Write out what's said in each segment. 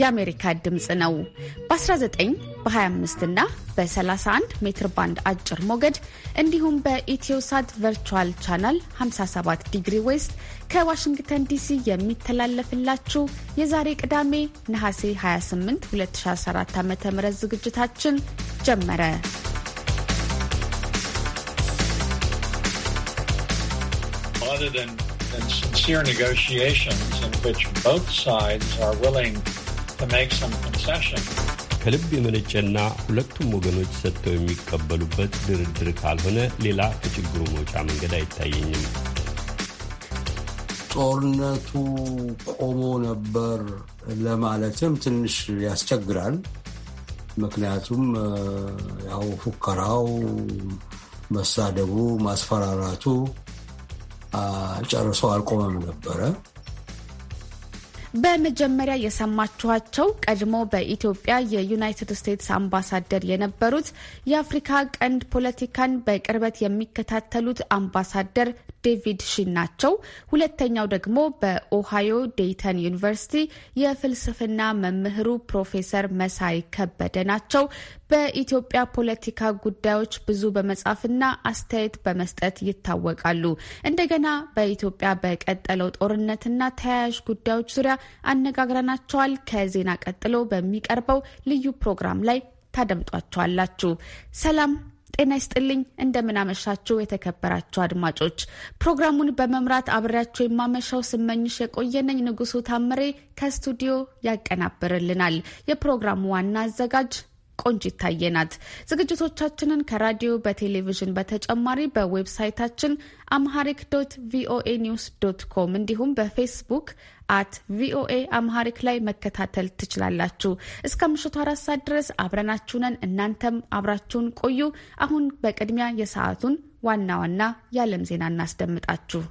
የአሜሪካ ድምፅ ነው። በ19 በ25 እና በ31 ሜትር ባንድ አጭር ሞገድ እንዲሁም በኢትዮሳት ቨርቹዋል ቻናል 57 ዲግሪ ዌስት ከዋሽንግተን ዲሲ የሚተላለፍላችሁ የዛሬ ቅዳሜ ነሐሴ 28 2014 ዓ.ም ዝግጅታችን ጀመረ። Other than, than sincere negotiations in which both sides are willing to ከልብ የመነጨና ሁለቱም ወገኖች ሰጥተው የሚቀበሉበት ድርድር ካልሆነ ሌላ ከችግሩ መውጫ መንገድ አይታየኝም። ጦርነቱ ቆሞ ነበር ለማለትም ትንሽ ያስቸግራል። ምክንያቱም ያው ፉከራው፣ መሳደቡ፣ ማስፈራራቱ ጨርሶ አልቆመም ነበረ። በመጀመሪያ የሰማችኋቸው ቀድሞ በኢትዮጵያ የዩናይትድ ስቴትስ አምባሳደር የነበሩት የአፍሪካ ቀንድ ፖለቲካን በቅርበት የሚከታተሉት አምባሳደር ዴቪድ ሺን ናቸው። ሁለተኛው ደግሞ በኦሃዮ ዴይተን ዩኒቨርሲቲ የፍልስፍና መምህሩ ፕሮፌሰር መሳይ ከበደ ናቸው። በኢትዮጵያ ፖለቲካ ጉዳዮች ብዙ በመጻፍና አስተያየት በመስጠት ይታወቃሉ። እንደገና በኢትዮጵያ በቀጠለው ጦርነትና ተያያዥ ጉዳዮች ዙሪያ አነጋግረናቸዋል። ከዜና ቀጥሎ በሚቀርበው ልዩ ፕሮግራም ላይ ታደምጧቸዋላችሁ። ሰላም ጤና ይስጥልኝ። እንደምናመሻችሁ የተከበራችሁ አድማጮች፣ ፕሮግራሙን በመምራት አብሬያቸው የማመሻው ስመኝሽ የቆየነኝ ንጉሱ ታምሬ ከስቱዲዮ ያቀናብርልናል። የፕሮግራሙ ዋና አዘጋጅ ቆንጅ ይታየናት ዝግጅቶቻችንን ከራዲዮ በቴሌቪዥን በተጨማሪ በዌብሳይታችን አምሃሪክ ዶት ቪኦኤ ኒውስ ዶት ኮም እንዲሁም በፌስቡክ አት ቪኦኤ አምሃሪክ ላይ መከታተል ትችላላችሁ። እስከ ምሽቱ አራት ሰዓት ድረስ አብረናችሁ እናንተም አብራችሁን ቆዩ። አሁን በቅድሚያ የሰዓቱን ዋና ዋና የዓለም ዜና እናስደምጣችሁ።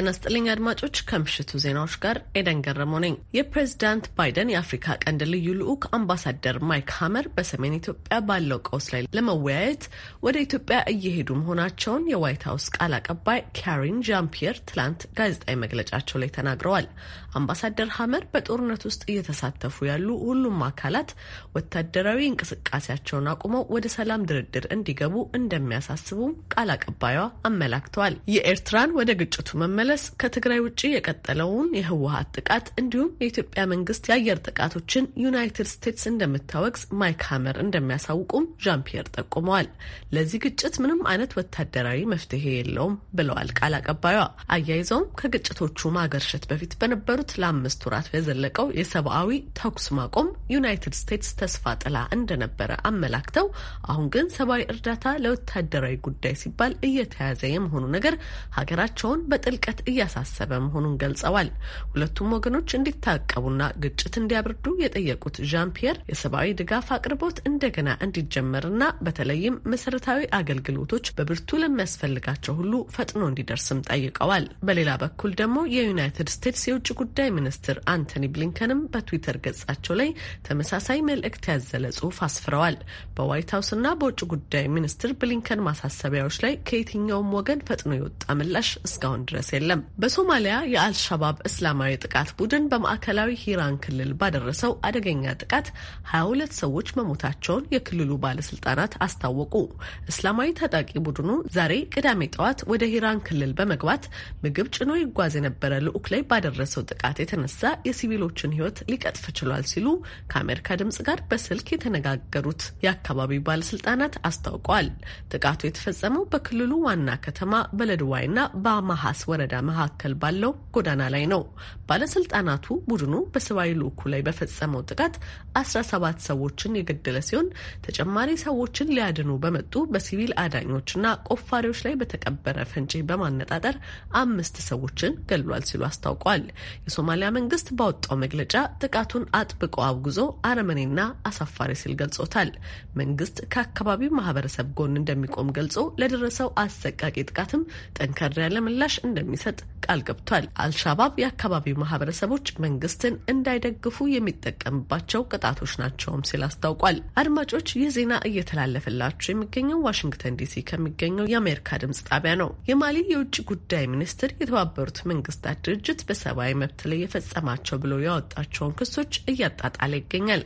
ጤና ስጥልኝ አድማጮች፣ ከምሽቱ ዜናዎች ጋር ኤደን ገረሞ ነኝ። የፕሬዝዳንት ባይደን የአፍሪካ ቀንድ ልዩ ልዑክ አምባሳደር ማይክ ሀመር በሰሜን ኢትዮጵያ ባለው ቀውስ ላይ ለመወያየት ወደ ኢትዮጵያ እየሄዱ መሆናቸውን የዋይት ሀውስ ቃል አቀባይ ካሪን ጃምፒየር ትላንት ጋዜጣዊ መግለጫቸው ላይ ተናግረዋል። አምባሳደር ሀመር በጦርነት ውስጥ እየተሳተፉ ያሉ ሁሉም አካላት ወታደራዊ እንቅስቃሴያቸውን አቁመው ወደ ሰላም ድርድር እንዲገቡ እንደሚያሳስቡም ቃል አቀባዩ አመላክተዋል። የኤርትራን ወደ ግጭቱ መመለስ ከትግራይ ውጭ የቀጠለውን የህወሀት ጥቃት እንዲሁም የኢትዮጵያ መንግስት የአየር ጥቃቶችን ዩናይትድ ስቴትስ እንደምታወግዝ ማይክ ሀመር እንደሚያሳውቁም ዣን ፒየር ጠቁመዋል። ለዚህ ግጭት ምንም አይነት ወታደራዊ መፍትሄ የለውም ብለዋል ቃል አቀባዩ። አያይዘውም ከግጭቶቹ ማገርሸት በፊት በነበሩ በተባበሩት ለአምስት ወራት በዘለቀው የሰብአዊ ተኩስ ማቆም ዩናይትድ ስቴትስ ተስፋ ጥላ እንደነበረ አመላክተው አሁን ግን ሰብአዊ እርዳታ ለወታደራዊ ጉዳይ ሲባል እየተያዘ የመሆኑ ነገር ሀገራቸውን በጥልቀት እያሳሰበ መሆኑን ገልጸዋል። ሁለቱም ወገኖች እንዲታቀቡና ግጭት እንዲያብርዱ የጠየቁት ዣን ፒየር የሰብአዊ ድጋፍ አቅርቦት እንደገና እንዲጀመርና በተለይም መሰረታዊ አገልግሎቶች በብርቱ ለሚያስፈልጋቸው ሁሉ ፈጥኖ እንዲደርስም ጠይቀዋል። በሌላ በኩል ደግሞ የዩናይትድ ስቴትስ የውጭ ጉዳይ ሚኒስትር አንቶኒ ብሊንከንም በትዊተር ገጻቸው ላይ ተመሳሳይ መልእክት ያዘለ ጽሑፍ አስፍረዋል። በዋይት ሀውስና በውጭ ጉዳይ ሚኒስትር ብሊንከን ማሳሰቢያዎች ላይ ከየትኛውም ወገን ፈጥኖ የወጣ ምላሽ እስካሁን ድረስ የለም። በሶማሊያ የአልሻባብ እስላማዊ ጥቃት ቡድን በማዕከላዊ ሂራን ክልል ባደረሰው አደገኛ ጥቃት 22 ሰዎች መሞታቸውን የክልሉ ባለስልጣናት አስታወቁ። እስላማዊ ታጣቂ ቡድኑ ዛሬ ቅዳሜ ጠዋት ወደ ሂራን ክልል በመግባት ምግብ ጭኖ ይጓዝ የነበረ ልዑክ ላይ ባደረሰው ጥቃት የተነሳ የሲቪሎችን ሕይወት ሊቀጥፍ ችሏል ሲሉ ከአሜሪካ ድምጽ ጋር በስልክ የተነጋገሩት የአካባቢው ባለስልጣናት አስታውቀዋል። ጥቃቱ የተፈጸመው በክልሉ ዋና ከተማ በለድዋይና በአማሃስ ወረዳ መካከል ባለው ጎዳና ላይ ነው። ባለስልጣናቱ ቡድኑ በሰብአዊ ልዑኩ ላይ በፈጸመው ጥቃት 17 ሰዎችን የገደለ ሲሆን ተጨማሪ ሰዎችን ሊያድኑ በመጡ በሲቪል አዳኞችና ቆፋሪዎች ላይ በተቀበረ ፈንጂ በማነጣጠር አምስት ሰዎችን ገድሏል ሲሉ አስታውቀዋል። የሶማሊያ መንግስት ባወጣው መግለጫ ጥቃቱን አጥብቆ አውግዞ አረመኔና አሳፋሪ ሲል ገልጾታል። መንግስት ከአካባቢው ማህበረሰብ ጎን እንደሚቆም ገልጾ ለደረሰው አሰቃቂ ጥቃትም ጠንከር ያለ ምላሽ እንደሚሰጥ ቃል ገብቷል። አልሻባብ የአካባቢው ማህበረሰቦች መንግስትን እንዳይደግፉ የሚጠቀምባቸው ቅጣቶች ናቸውም ሲል አስታውቋል። አድማጮች ይህ ዜና እየተላለፈላችሁ የሚገኘው ዋሽንግተን ዲሲ ከሚገኘው የአሜሪካ ድምጽ ጣቢያ ነው። የማሊ የውጭ ጉዳይ ሚኒስትር የተባበሩት መንግስታት ድርጅት በሰብአዊ መብት በምክትል የፈጸማቸው ብሎ ያወጣቸውን ክሶች እያጣጣለ ይገኛል።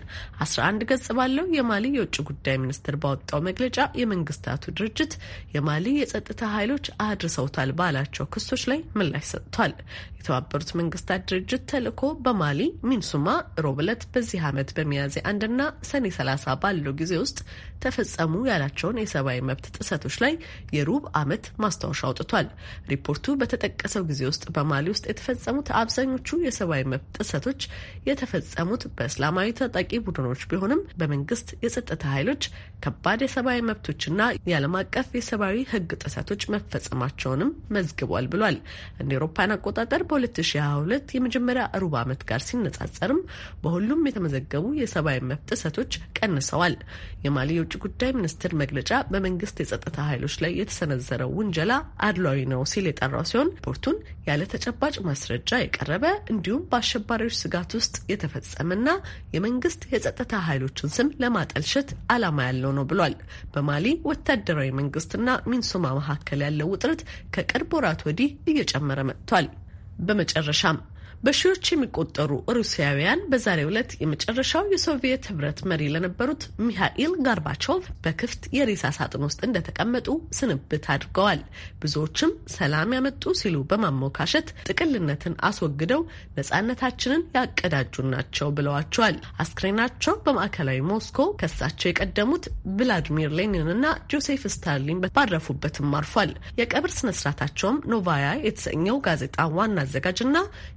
አንድ ገጽ ባለው የማሊ የውጭ ጉዳይ ሚኒስትር ባወጣው መግለጫ የመንግስታቱ ድርጅት የማሊ የጸጥታ ኃይሎች አድርሰውታል ባላቸው ክሶች ላይ ምላሽ ሰጥቷል። የተባበሩት መንግስታት ድርጅት ተልእኮ በማሊ ሚንሱማ ሮብ ዕለት በዚህ ዓመት በሚያዝያ አንድና ሰኔ ሰላሳ ባለው ጊዜ ውስጥ ተፈጸሙ ያላቸውን የሰብአዊ መብት ጥሰቶች ላይ የሩብ ዓመት ማስታወሻ አውጥቷል። ሪፖርቱ በተጠቀሰው ጊዜ ውስጥ በማሊ ውስጥ የተፈጸሙት አብዛኞቹ አብዛኞቹ የሰብአዊ መብት ጥሰቶች የተፈጸሙት በእስላማዊ ታጣቂ ቡድኖች ቢሆንም በመንግስት የጸጥታ ኃይሎች ከባድ የሰብአዊ መብቶችና የዓለም አቀፍ የሰብአዊ ህግ ጥሰቶች መፈጸማቸውንም መዝግቧል ብሏል። እንደ ኤሮፓን አቆጣጠር በ2022 የመጀመሪያ ሩብ ዓመት ጋር ሲነጻጸርም በሁሉም የተመዘገቡ የሰብአዊ መብት ጥሰቶች ቀንሰዋል። የማሊ የውጭ ጉዳይ ሚኒስትር መግለጫ በመንግስት የጸጥታ ኃይሎች ላይ የተሰነዘረው ውንጀላ አድሏዊ ነው ሲል የጠራው ሲሆን ሪፖርቱን ያለ ተጨባጭ ማስረጃ የቀረበ እንዲሁም በአሸባሪዎች ስጋት ውስጥ የተፈጸመና የመንግስት የጸጥታ ኃይሎችን ስም ለማጠልሸት አላማ ያለው ነው ብሏል። በማሊ ወታደራዊ መንግስትና ሚንሶማ መካከል ያለው ውጥረት ከቅርብ ወራት ወዲህ እየጨመረ መጥቷል። በመጨረሻም በሺዎች የሚቆጠሩ ሩሲያውያን በዛሬው ዕለት የመጨረሻው የሶቪየት ህብረት መሪ ለነበሩት ሚሃኢል ጋርባቾቭ በክፍት የሬሳ ሳጥን ውስጥ እንደተቀመጡ ስንብት አድርገዋል። ብዙዎችም ሰላም ያመጡ ሲሉ በማሞካሸት ጥቅልነትን አስወግደው ነጻነታችንን ያቀዳጁ ናቸው ብለዋቸዋል። አስክሬናቸው በማዕከላዊ ሞስኮ ከሳቸው የቀደሙት ቭላዲሚር ሌኒን እና ጆሴፍ ስታሊን ባረፉበትም አርፏል። የቀብር ስነስርዓታቸውም ኖቫያ የተሰኘው ጋዜጣ ዋና አዘጋጅና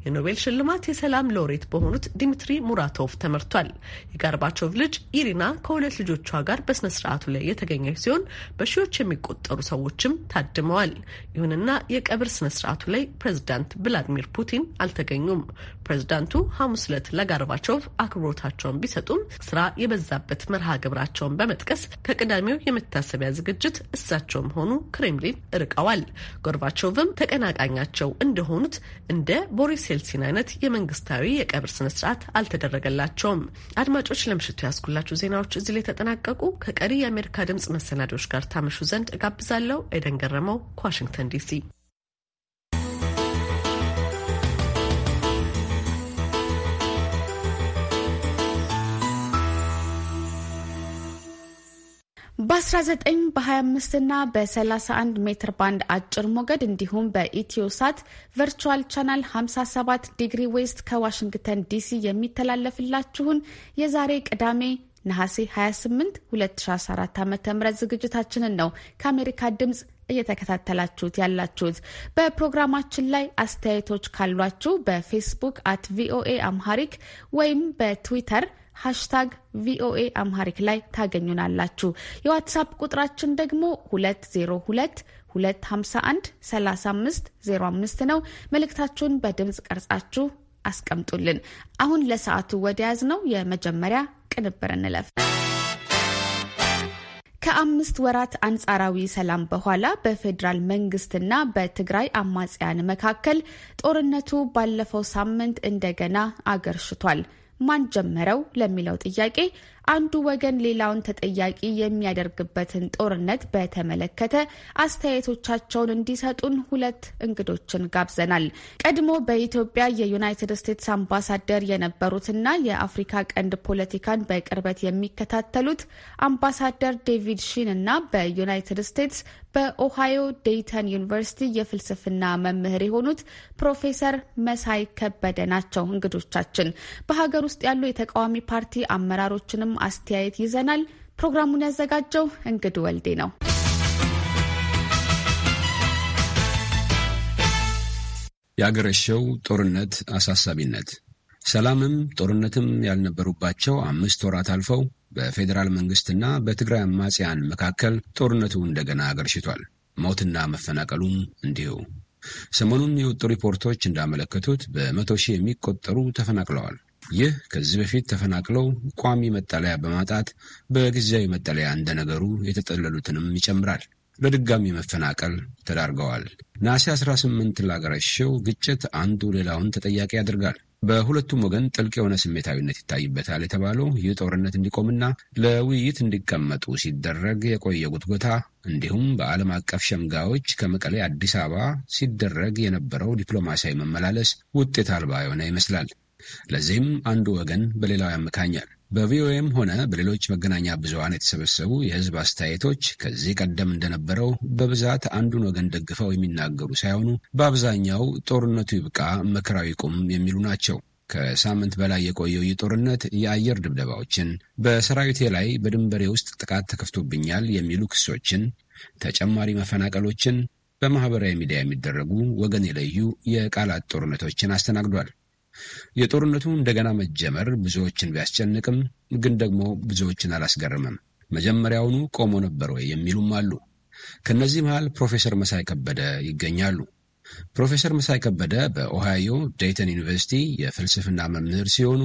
የኖቤል የኖቤል ሽልማት የሰላም ሎሬት በሆኑት ዲሚትሪ ሙራቶቭ ተመርቷል። የጋርባቾቭ ልጅ ኢሪና ከሁለት ልጆቿ ጋር በስነ ስርዓቱ ላይ የተገኘች ሲሆን በሺዎች የሚቆጠሩ ሰዎችም ታድመዋል። ይሁንና የቀብር ስነ ስርዓቱ ላይ ፕሬዚዳንት ቭላዲሚር ፑቲን አልተገኙም። ፕሬዚዳንቱ ሐሙስ ዕለት ለጋርባቸው አክብሮታቸውን ቢሰጡም ስራ የበዛበት መርሃ ግብራቸውን በመጥቀስ ከቅዳሜው የመታሰቢያ ዝግጅት እሳቸውም ሆኑ ክሬምሊን እርቀዋል። ጎርባቾቭም ተቀናቃኛቸው እንደሆኑት እንደ ቦሪስ ሄልሲን አይነት የመንግስታዊ የቀብር ስነስርዓት አልተደረገላቸውም። አድማጮች ለምሽቱ ያስኩላችሁ ዜናዎች እዚህ ላይ ተጠናቀቁ። ከቀሪ የአሜሪካ ድምጽ መሰናዶዎች ጋር ታመሹ ዘንድ እጋብዛለሁ። ኤደን ገረመው ከዋሽንግተን ዲሲ በ19 በ25 እና በ31 ሜትር ባንድ አጭር ሞገድ እንዲሁም በኢትዮሳት ቨርቹዋል ቻናል 57 ዲግሪ ዌስት ከዋሽንግተን ዲሲ የሚተላለፍላችሁን የዛሬ ቅዳሜ ነሐሴ 28 2014 ዓ.ም ዝግጅታችንን ነው ከአሜሪካ ድምፅ እየተከታተላችሁት ያላችሁት። በፕሮግራማችን ላይ አስተያየቶች ካሏችሁ በፌስቡክ አት ቪኦኤ አምሃሪክ ወይም በትዊተር ሃሽታግ ቪኦኤ አምሃሪክ ላይ ታገኙናላችሁ። የዋትሳፕ ቁጥራችን ደግሞ 202 251 3505 ነው። መልእክታችሁን በድምፅ ቀርጻችሁ አስቀምጡልን። አሁን ለሰዓቱ ያዝ ነው የመጀመሪያ ቅንብር እንለፍ። ከአምስት ወራት አንጻራዊ ሰላም በኋላ በፌዴራል መንግስትና በትግራይ አማጽያን መካከል ጦርነቱ ባለፈው ሳምንት እንደገና አገርሽቷል። ማን ጀመረው ለሚለው ጥያቄ አንዱ ወገን ሌላውን ተጠያቂ የሚያደርግበትን ጦርነት በተመለከተ አስተያየቶቻቸውን እንዲሰጡን ሁለት እንግዶችን ጋብዘናል። ቀድሞ በኢትዮጵያ የዩናይትድ ስቴትስ አምባሳደር የነበሩትና የአፍሪካ ቀንድ ፖለቲካን በቅርበት የሚከታተሉት አምባሳደር ዴቪድ ሺን እና በዩናይትድ ስቴትስ በኦሃዮ ዴይተን ዩኒቨርሲቲ የፍልስፍና መምህር የሆኑት ፕሮፌሰር መሳይ ከበደ ናቸው እንግዶቻችን። በሀገር ውስጥ ያሉ የተቃዋሚ ፓርቲ አመራሮችንም አስተያየት ይዘናል። ፕሮግራሙን ያዘጋጀው እንግድ ወልዴ ነው። ያገረሸው ጦርነት አሳሳቢነት ሰላምም ጦርነትም ያልነበሩባቸው አምስት ወራት አልፈው በፌዴራል መንግስትና በትግራይ አማጽያን መካከል ጦርነቱ እንደገና አገርሽቷል። ሞትና መፈናቀሉም እንዲሁ። ሰሞኑን የወጡ ሪፖርቶች እንዳመለከቱት በመቶ ሺህ የሚቆጠሩ ተፈናቅለዋል። ይህ ከዚህ በፊት ተፈናቅለው ቋሚ መጠለያ በማጣት በጊዜያዊ መጠለያ እንደነገሩ የተጠለሉትንም ይጨምራል። ለድጋሚ መፈናቀል ተዳርገዋል። ነሐሴ 18 ላገረሸው ግጭት አንዱ ሌላውን ተጠያቂ ያደርጋል። በሁለቱም ወገን ጥልቅ የሆነ ስሜታዊነት ይታይበታል የተባለው ይህ ጦርነት እንዲቆምና ለውይይት እንዲቀመጡ ሲደረግ የቆየ ጉትጎታ እንዲሁም በዓለም አቀፍ ሸምጋዮች ከመቀሌ አዲስ አበባ ሲደረግ የነበረው ዲፕሎማሲያዊ መመላለስ ውጤት አልባ የሆነ ይመስላል። ለዚህም አንዱ ወገን በሌላው ያመካኛል። በቪኦኤም ሆነ በሌሎች መገናኛ ብዙኃን የተሰበሰቡ የህዝብ አስተያየቶች ከዚህ ቀደም እንደነበረው በብዛት አንዱን ወገን ደግፈው የሚናገሩ ሳይሆኑ በአብዛኛው ጦርነቱ ይብቃ፣ መከራዊ ቁም የሚሉ ናቸው። ከሳምንት በላይ የቆየው ይህ ጦርነት የአየር ድብደባዎችን፣ በሰራዊቴ ላይ በድንበሬ ውስጥ ጥቃት ተከፍቶብኛል የሚሉ ክሶችን፣ ተጨማሪ መፈናቀሎችን፣ በማኅበራዊ ሚዲያ የሚደረጉ ወገን የለዩ የቃላት ጦርነቶችን አስተናግዷል። የጦርነቱ እንደገና መጀመር ብዙዎችን ቢያስጨንቅም ግን ደግሞ ብዙዎችን አላስገርምም። መጀመሪያውኑ ቆሞ ነበር ወይ የሚሉም አሉ። ከእነዚህ መሃል ፕሮፌሰር መሳይ ከበደ ይገኛሉ። ፕሮፌሰር መሳይ ከበደ በኦሃዮ ዴይተን ዩኒቨርሲቲ የፍልስፍና መምህር ሲሆኑ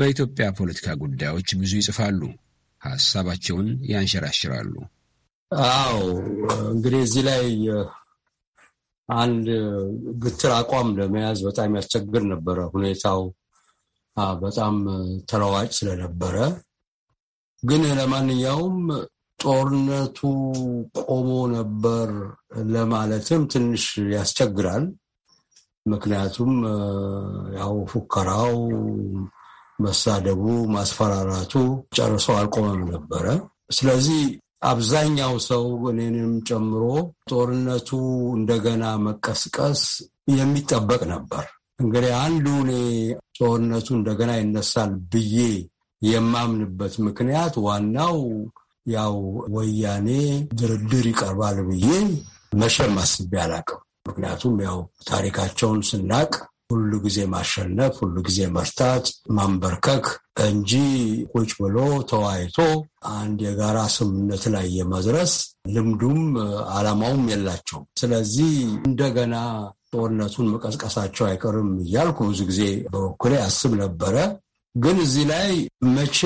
በኢትዮጵያ ፖለቲካ ጉዳዮች ብዙ ይጽፋሉ፣ ሀሳባቸውን ያንሸራሽራሉ። አዎ እንግዲህ እዚህ ላይ አንድ ግትር አቋም ለመያዝ በጣም ያስቸግር ነበረ። ሁኔታው በጣም ተለዋጭ ስለነበረ ግን ለማንኛውም ጦርነቱ ቆሞ ነበር ለማለትም ትንሽ ያስቸግራል። ምክንያቱም ያው ፉከራው፣ መሳደቡ፣ ማስፈራራቱ ጨርሶ አልቆመም ነበረ። ስለዚህ አብዛኛው ሰው እኔንም ጨምሮ ጦርነቱ እንደገና መቀስቀስ የሚጠበቅ ነበር። እንግዲህ አንዱ እኔ ጦርነቱ እንደገና ይነሳል ብዬ የማምንበት ምክንያት ዋናው ያው ወያኔ ድርድር ይቀርባል ብዬ መቼም አስቤ አላቅም። ምክንያቱም ያው ታሪካቸውን ስናቅ ሁሉ ጊዜ ማሸነፍ፣ ሁሉ ጊዜ መርታት፣ ማንበርከክ እንጂ ቁጭ ብሎ ተወያይቶ አንድ የጋራ ስምምነት ላይ የመድረስ ልምዱም ዓላማውም የላቸው። ስለዚህ እንደገና ጦርነቱን መቀስቀሳቸው አይቀርም እያልኩ ብዙ ጊዜ በበኩሌ አስብ ነበረ። ግን እዚህ ላይ መቼ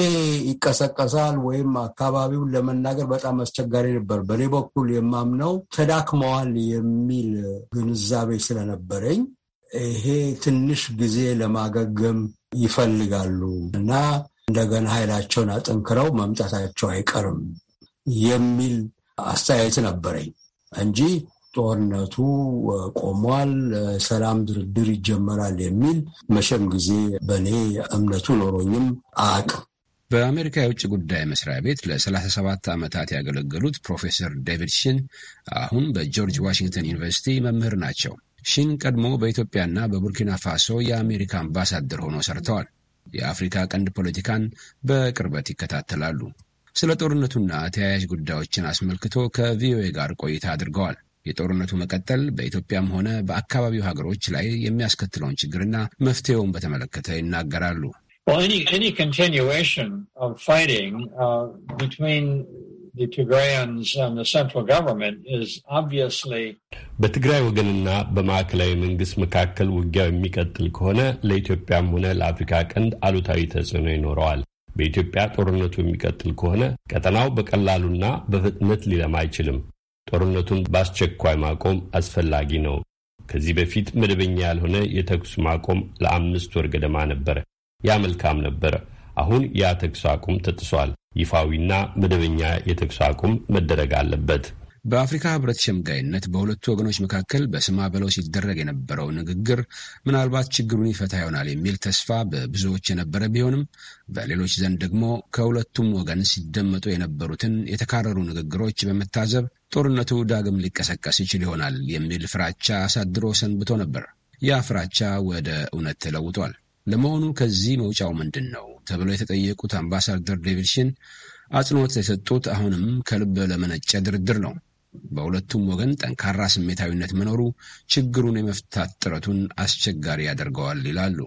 ይቀሰቀሳል ወይም አካባቢውን ለመናገር በጣም አስቸጋሪ ነበር። በእኔ በኩል የማምነው ተዳክመዋል የሚል ግንዛቤ ስለነበረኝ ይሄ ትንሽ ጊዜ ለማገገም ይፈልጋሉ እና እንደገና ኃይላቸውን አጠንክረው መምጣታቸው አይቀርም የሚል አስተያየት ነበረኝ እንጂ ጦርነቱ ቆሟል፣ ሰላም ድርድር ይጀመራል የሚል መቼም ጊዜ በእኔ እምነቱ ኖሮኝም አያውቅም። በአሜሪካ የውጭ ጉዳይ መስሪያ ቤት ለ37 ዓመታት ያገለገሉት ፕሮፌሰር ዴቪድ ሽን አሁን በጆርጅ ዋሽንግተን ዩኒቨርሲቲ መምህር ናቸው። ሺን ቀድሞ በኢትዮጵያና በቡርኪና ፋሶ የአሜሪካ አምባሳደር ሆኖ ሰርተዋል። የአፍሪካ ቀንድ ፖለቲካን በቅርበት ይከታተላሉ። ስለ ጦርነቱና ተያያዥ ጉዳዮችን አስመልክቶ ከቪኦኤ ጋር ቆይታ አድርገዋል። የጦርነቱ መቀጠል በኢትዮጵያም ሆነ በአካባቢው ሀገሮች ላይ የሚያስከትለውን ችግርና መፍትሄውን በተመለከተ ይናገራሉ። በትግራይ ወገንና በማዕከላዊ መንግስት መካከል ውጊያው የሚቀጥል ከሆነ ለኢትዮጵያም ሆነ ለአፍሪካ ቀንድ አሉታዊ ተጽዕኖ ይኖረዋል። በኢትዮጵያ ጦርነቱ የሚቀጥል ከሆነ ቀጠናው በቀላሉና በፍጥነት ሊለማ አይችልም። ጦርነቱን በአስቸኳይ ማቆም አስፈላጊ ነው። ከዚህ በፊት መደበኛ ያልሆነ የተኩስ ማቆም ለአምስት ወር ገደማ ነበር። ያ መልካም ነበር። አሁን ያ ተኩስ አቁም ተጥሷል። ይፋዊና መደበኛ የተኩስ አቁም መደረግ አለበት። በአፍሪካ ህብረት ሸምጋይነት በሁለቱ ወገኖች መካከል በስማ በለው ሲደረግ የነበረው ንግግር ምናልባት ችግሩን ይፈታ ይሆናል የሚል ተስፋ በብዙዎች የነበረ ቢሆንም በሌሎች ዘንድ ደግሞ ከሁለቱም ወገን ሲደመጡ የነበሩትን የተካረሩ ንግግሮች በመታዘብ ጦርነቱ ዳግም ሊቀሰቀስ ይችል ይሆናል የሚል ፍራቻ አሳድሮ ሰንብቶ ነበር። ያ ፍራቻ ወደ እውነት ተለውጧል። ለመሆኑ ከዚህ መውጫው ምንድን ነው? ተብለው የተጠየቁት አምባሳደር ዴቪድ ሽን አጽንኦት የሰጡት አሁንም ከልብ ለመነጨ ድርድር ነው። በሁለቱም ወገን ጠንካራ ስሜታዊነት መኖሩ ችግሩን የመፍታት ጥረቱን አስቸጋሪ ያደርገዋል ይላሉ።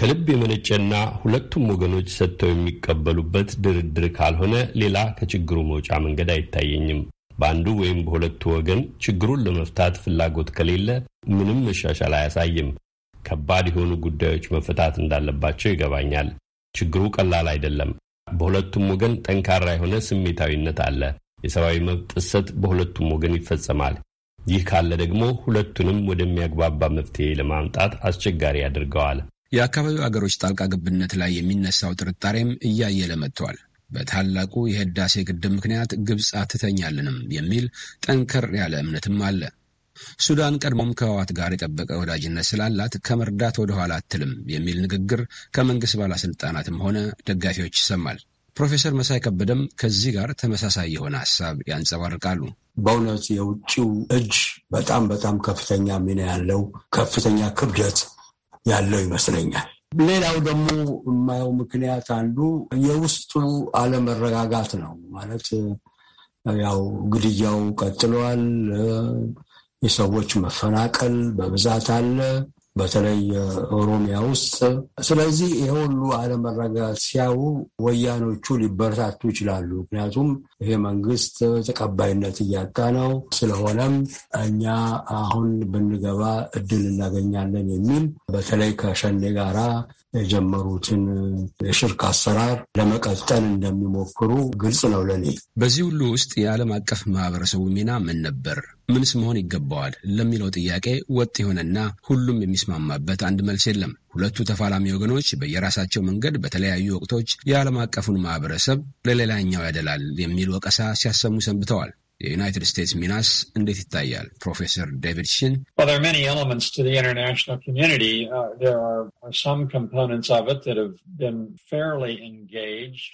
ከልብ የመነጨና ሁለቱም ወገኖች ሰጥተው የሚቀበሉበት ድርድር ካልሆነ ሌላ ከችግሩ መውጫ መንገድ አይታየኝም። በአንዱ ወይም በሁለቱ ወገን ችግሩን ለመፍታት ፍላጎት ከሌለ ምንም መሻሻል አያሳይም። ከባድ የሆኑ ጉዳዮች መፈታት እንዳለባቸው ይገባኛል። ችግሩ ቀላል አይደለም። በሁለቱም ወገን ጠንካራ የሆነ ስሜታዊነት አለ። የሰብአዊ መብት ጥሰት በሁለቱም ወገን ይፈጸማል። ይህ ካለ ደግሞ ሁለቱንም ወደሚያግባባ መፍትሄ ለማምጣት አስቸጋሪ ያደርገዋል። የአካባቢው አገሮች ጣልቃ ግብነት ላይ የሚነሳው ጥርጣሬም እያየለ መጥቷል። በታላቁ የህዳሴ ግድብ ምክንያት ግብፅ አትተኛልንም የሚል ጠንከር ያለ እምነትም አለ። ሱዳን ቀድሞም ከህዋት ጋር የጠበቀ ወዳጅነት ስላላት ከመርዳት ወደ ኋላ አትልም የሚል ንግግር ከመንግሥት ባለሥልጣናትም ሆነ ደጋፊዎች ይሰማል። ፕሮፌሰር መሳይ ከበደም ከዚህ ጋር ተመሳሳይ የሆነ ሀሳብ ያንጸባርቃሉ። በእውነት የውጭው እጅ በጣም በጣም ከፍተኛ ሚና ያለው ከፍተኛ ክብደት ያለው ይመስለኛል። ሌላው ደግሞ የማየው ምክንያት አንዱ የውስጡ አለመረጋጋት ነው። ማለት ያው ግድያው ቀጥሏል። የሰዎች መፈናቀል በብዛት አለ። በተለይ ኦሮሚያ ውስጥ። ስለዚህ ይሄ ሁሉ አለመረጋጋት ሲያዩ ወያኖቹ ሊበረታቱ ይችላሉ። ምክንያቱም ይሄ መንግስት ተቀባይነት እያጣ ነው። ስለሆነም እኛ አሁን ብንገባ እድል እናገኛለን የሚል በተለይ ከሸኔ ጋራ የጀመሩትን የሽርክ አሰራር ለመቀጠል እንደሚሞክሩ ግልጽ ነው ለኔ። በዚህ ሁሉ ውስጥ የዓለም አቀፍ ማህበረሰቡ ሚና ምን ነበር? ምንስ መሆን ይገባዋል ለሚለው ጥያቄ ወጥ የሆነና ሁሉም የሚስማማበት አንድ መልስ የለም። ሁለቱ ተፋላሚ ወገኖች በየራሳቸው መንገድ በተለያዩ ወቅቶች የዓለም አቀፉን ማህበረሰብ ለሌላኛው ያደላል የሚል ወቀሳ ሲያሰሙ ሰንብተዋል። የዩናይትድ ስቴትስ ሚናስ እንዴት ይታያል? ፕሮፌሰር ዴቪድ ሽን uh,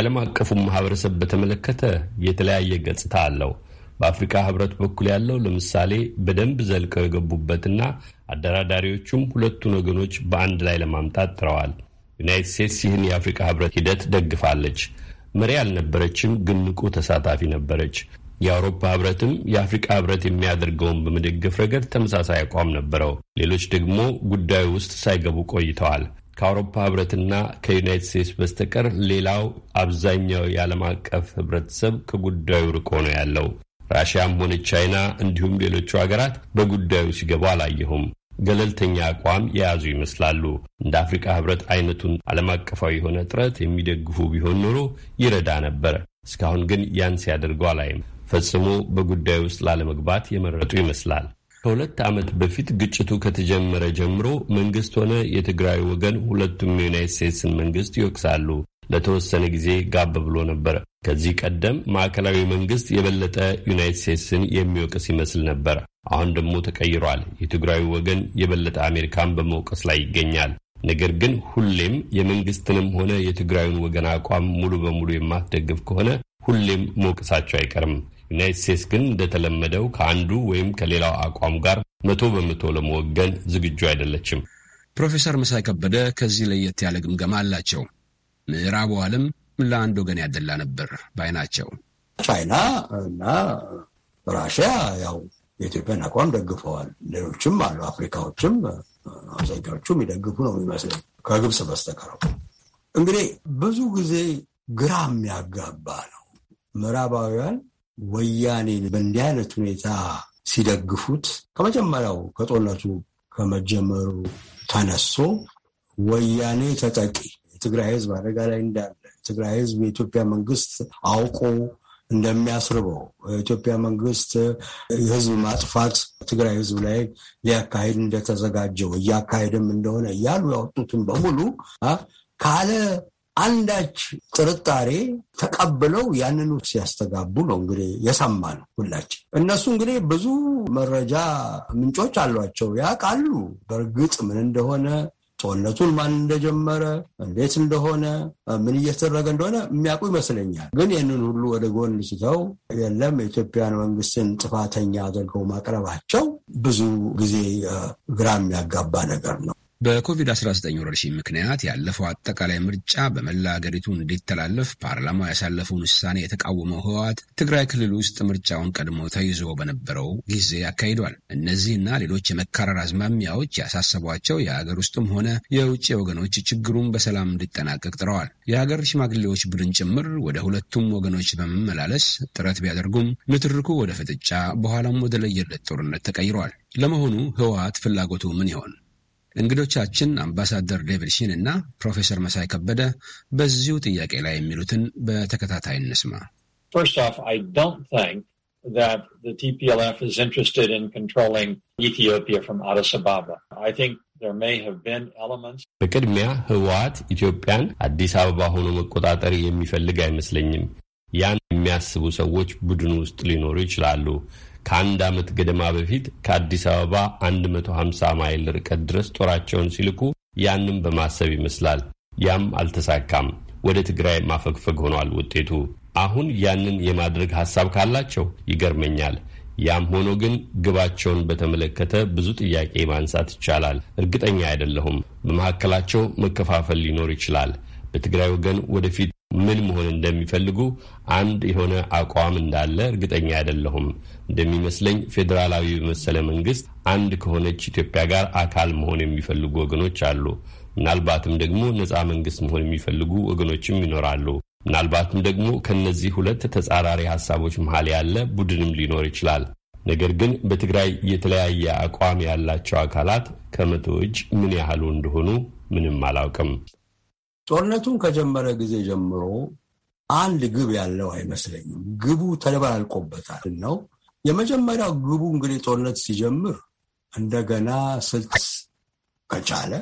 ዓለም አቀፉ ማህበረሰብ በተመለከተ የተለያየ ገጽታ አለው። በአፍሪካ ህብረት በኩል ያለው ለምሳሌ በደንብ ዘልቀው የገቡበትና አደራዳሪዎቹም ሁለቱን ወገኖች በአንድ ላይ ለማምጣት ጥረዋል። ዩናይት ስቴትስ ይህን የአፍሪካ ህብረት ሂደት ደግፋለች። መሪ አልነበረችም፣ ግን ንቁ ተሳታፊ ነበረች። የአውሮፓ ህብረትም የአፍሪቃ ህብረት የሚያደርገውን በመደገፍ ረገድ ተመሳሳይ አቋም ነበረው። ሌሎች ደግሞ ጉዳዩ ውስጥ ሳይገቡ ቆይተዋል። ከአውሮፓ ህብረትና ከዩናይትድ ስቴትስ በስተቀር ሌላው አብዛኛው የዓለም አቀፍ ህብረተሰብ ከጉዳዩ ርቆ ነው ያለው። ራሽያም ሆነ ቻይና እንዲሁም ሌሎቹ ሀገራት በጉዳዩ ሲገቡ አላየሁም። ገለልተኛ አቋም የያዙ ይመስላሉ። እንደ አፍሪካ ህብረት አይነቱን ዓለም አቀፋዊ የሆነ ጥረት የሚደግፉ ቢሆን ኖሮ ይረዳ ነበር። እስካሁን ግን ያን ሲያደርጉ አላይም። ፈጽሞ በጉዳይ ውስጥ ላለመግባት የመረጡ ይመስላል። ከሁለት ዓመት በፊት ግጭቱ ከተጀመረ ጀምሮ መንግስት ሆነ የትግራይ ወገን ሁለቱም የዩናይት ስቴትስን መንግስት ይወቅሳሉ። ለተወሰነ ጊዜ ጋብ ብሎ ነበር። ከዚህ ቀደም ማዕከላዊ መንግስት የበለጠ ዩናይት ስቴትስን የሚወቅስ ይመስል ነበር። አሁን ደግሞ ተቀይሯል። የትግራዩ ወገን የበለጠ አሜሪካን በመውቀስ ላይ ይገኛል። ነገር ግን ሁሌም የመንግስትንም ሆነ የትግራዩን ወገን አቋም ሙሉ በሙሉ የማትደግፍ ከሆነ ሁሌም መውቀሳቸው አይቀርም። ዩናይት ስቴትስ ግን እንደተለመደው ከአንዱ ወይም ከሌላው አቋም ጋር መቶ በመቶ ለመወገን ዝግጁ አይደለችም። ፕሮፌሰር መሳይ ከበደ ከዚህ ለየት ያለ ግምገማ አላቸው። ምዕራቡ ዓለም ለአንድ ወገን ያደላ ነበር ባይ ናቸው። ቻይና እና ራሽያ ያው የኢትዮጵያን አቋም ደግፈዋል። ሌሎችም አሉ። አፍሪካዎችም አብዛኛዎቹ የሚደግፉ ነው የሚመስለኝ ከግብፅ በስተቀረው። እንግዲህ ብዙ ጊዜ ግራ የሚያጋባ ነው። ምዕራባውያን ወያኔን በእንዲህ አይነት ሁኔታ ሲደግፉት ከመጀመሪያው ከጦርነቱ ከመጀመሩ ተነሶ ወያኔ ተጠቂ የትግራይ ህዝብ አደጋ ላይ እንዳለ የትግራይ ህዝብ የኢትዮጵያ መንግስት አውቆ እንደሚያስርበው የኢትዮጵያ መንግስት የህዝብ ማጥፋት ትግራይ ህዝብ ላይ ሊያካሄድ እንደተዘጋጀው እያካሄድም እንደሆነ እያሉ ያወጡትን በሙሉ ካለ አንዳች ጥርጣሬ ተቀብለው ያንኑ ሲያስተጋቡ ነው እንግዲህ የሰማ ነው ሁላችን። እነሱ እንግዲህ ብዙ መረጃ ምንጮች አሏቸው፣ ያውቃሉ በእርግጥ ምን እንደሆነ ጦርነቱን ማን እንደጀመረ እንዴት እንደሆነ ምን እየተደረገ እንደሆነ የሚያውቁ ይመስለኛል። ግን ይህንን ሁሉ ወደ ጎን ስተው የለም የኢትዮጵያን መንግስትን ጥፋተኛ አድርገው ማቅረባቸው ብዙ ጊዜ ግራ የሚያጋባ ነገር ነው። በኮቪድ-19 ወረርሽኝ ምክንያት ያለፈው አጠቃላይ ምርጫ በመላ አገሪቱ እንዲተላለፍ ፓርላማው ያሳለፈውን ውሳኔ የተቃወመው ህወሓት ትግራይ ክልል ውስጥ ምርጫውን ቀድሞ ተይዞ በነበረው ጊዜ ያካሂዷል። እነዚህና ሌሎች የመካረር አዝማሚያዎች ያሳሰቧቸው የሀገር ውስጥም ሆነ የውጭ ወገኖች ችግሩን በሰላም እንዲጠናቀቅ ጥረዋል። የሀገር ሽማግሌዎች ቡድን ጭምር ወደ ሁለቱም ወገኖች በመመላለስ ጥረት ቢያደርጉም ንትርኩ ወደ ፍጥጫ፣ በኋላም ወደ ለየለት ጦርነት ተቀይረዋል። ለመሆኑ ህወሓት ፍላጎቱ ምን ይሆን? እንግዶቻችን አምባሳደር ዴቪድ ሺን እና ፕሮፌሰር መሳይ ከበደ በዚሁ ጥያቄ ላይ የሚሉትን በተከታታይ እንስማ። በቅድሚያ ህወሓት ኢትዮጵያን አዲስ አበባ ሆኖ መቆጣጠር የሚፈልግ አይመስለኝም። ያን የሚያስቡ ሰዎች ቡድኑ ውስጥ ሊኖሩ ይችላሉ። ከአንድ ዓመት ገደማ በፊት ከአዲስ አበባ 150 ማይል ርቀት ድረስ ጦራቸውን ሲልኩ ያንም በማሰብ ይመስላል። ያም አልተሳካም። ወደ ትግራይ ማፈግፈግ ሆኗል ውጤቱ። አሁን ያንን የማድረግ ሀሳብ ካላቸው ይገርመኛል። ያም ሆኖ ግን ግባቸውን በተመለከተ ብዙ ጥያቄ ማንሳት ይቻላል። እርግጠኛ አይደለሁም። በመካከላቸው መከፋፈል ሊኖር ይችላል። በትግራይ ወገን ወደፊት ምን መሆን እንደሚፈልጉ አንድ የሆነ አቋም እንዳለ እርግጠኛ አይደለሁም። እንደሚመስለኝ ፌዴራላዊ በመሰለ መንግስት አንድ ከሆነች ኢትዮጵያ ጋር አካል መሆን የሚፈልጉ ወገኖች አሉ። ምናልባትም ደግሞ ነፃ መንግስት መሆን የሚፈልጉ ወገኖችም ይኖራሉ። ምናልባትም ደግሞ ከነዚህ ሁለት ተጻራሪ ሀሳቦች መሀል ያለ ቡድንም ሊኖር ይችላል። ነገር ግን በትግራይ የተለያየ አቋም ያላቸው አካላት ከመቶ እጅ ምን ያህሉ እንደሆኑ ምንም አላውቅም። ጦርነቱን ከጀመረ ጊዜ ጀምሮ አንድ ግብ ያለው አይመስለኝም። ግቡ ተደበላልቆበታል ነው። የመጀመሪያው ግቡ እንግዲህ ጦርነት ሲጀምር እንደገና ስልት ከቻለ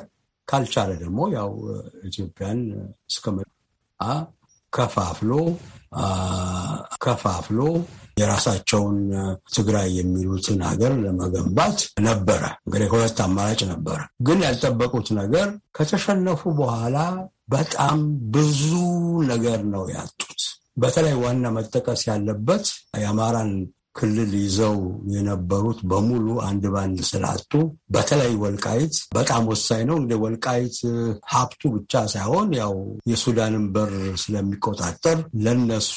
ካልቻለ ደግሞ ያው ኢትዮጵያን እስከ ከፋፍሎ ከፋፍሎ የራሳቸውን ትግራይ የሚሉትን ሀገር ለመገንባት ነበረ። እንግዲህ ከሁለት አማራጭ ነበረ። ግን ያልጠበቁት ነገር ከተሸነፉ በኋላ በጣም ብዙ ነገር ነው ያጡት። በተለይ ዋና መጠቀስ ያለበት የአማራን ክልል ይዘው የነበሩት በሙሉ አንድ በአንድ ስላጡ፣ በተለይ ወልቃይት በጣም ወሳኝ ነው። እንደ ወልቃይት ሀብቱ ብቻ ሳይሆን ያው የሱዳንን በር ስለሚቆጣጠር ለነሱ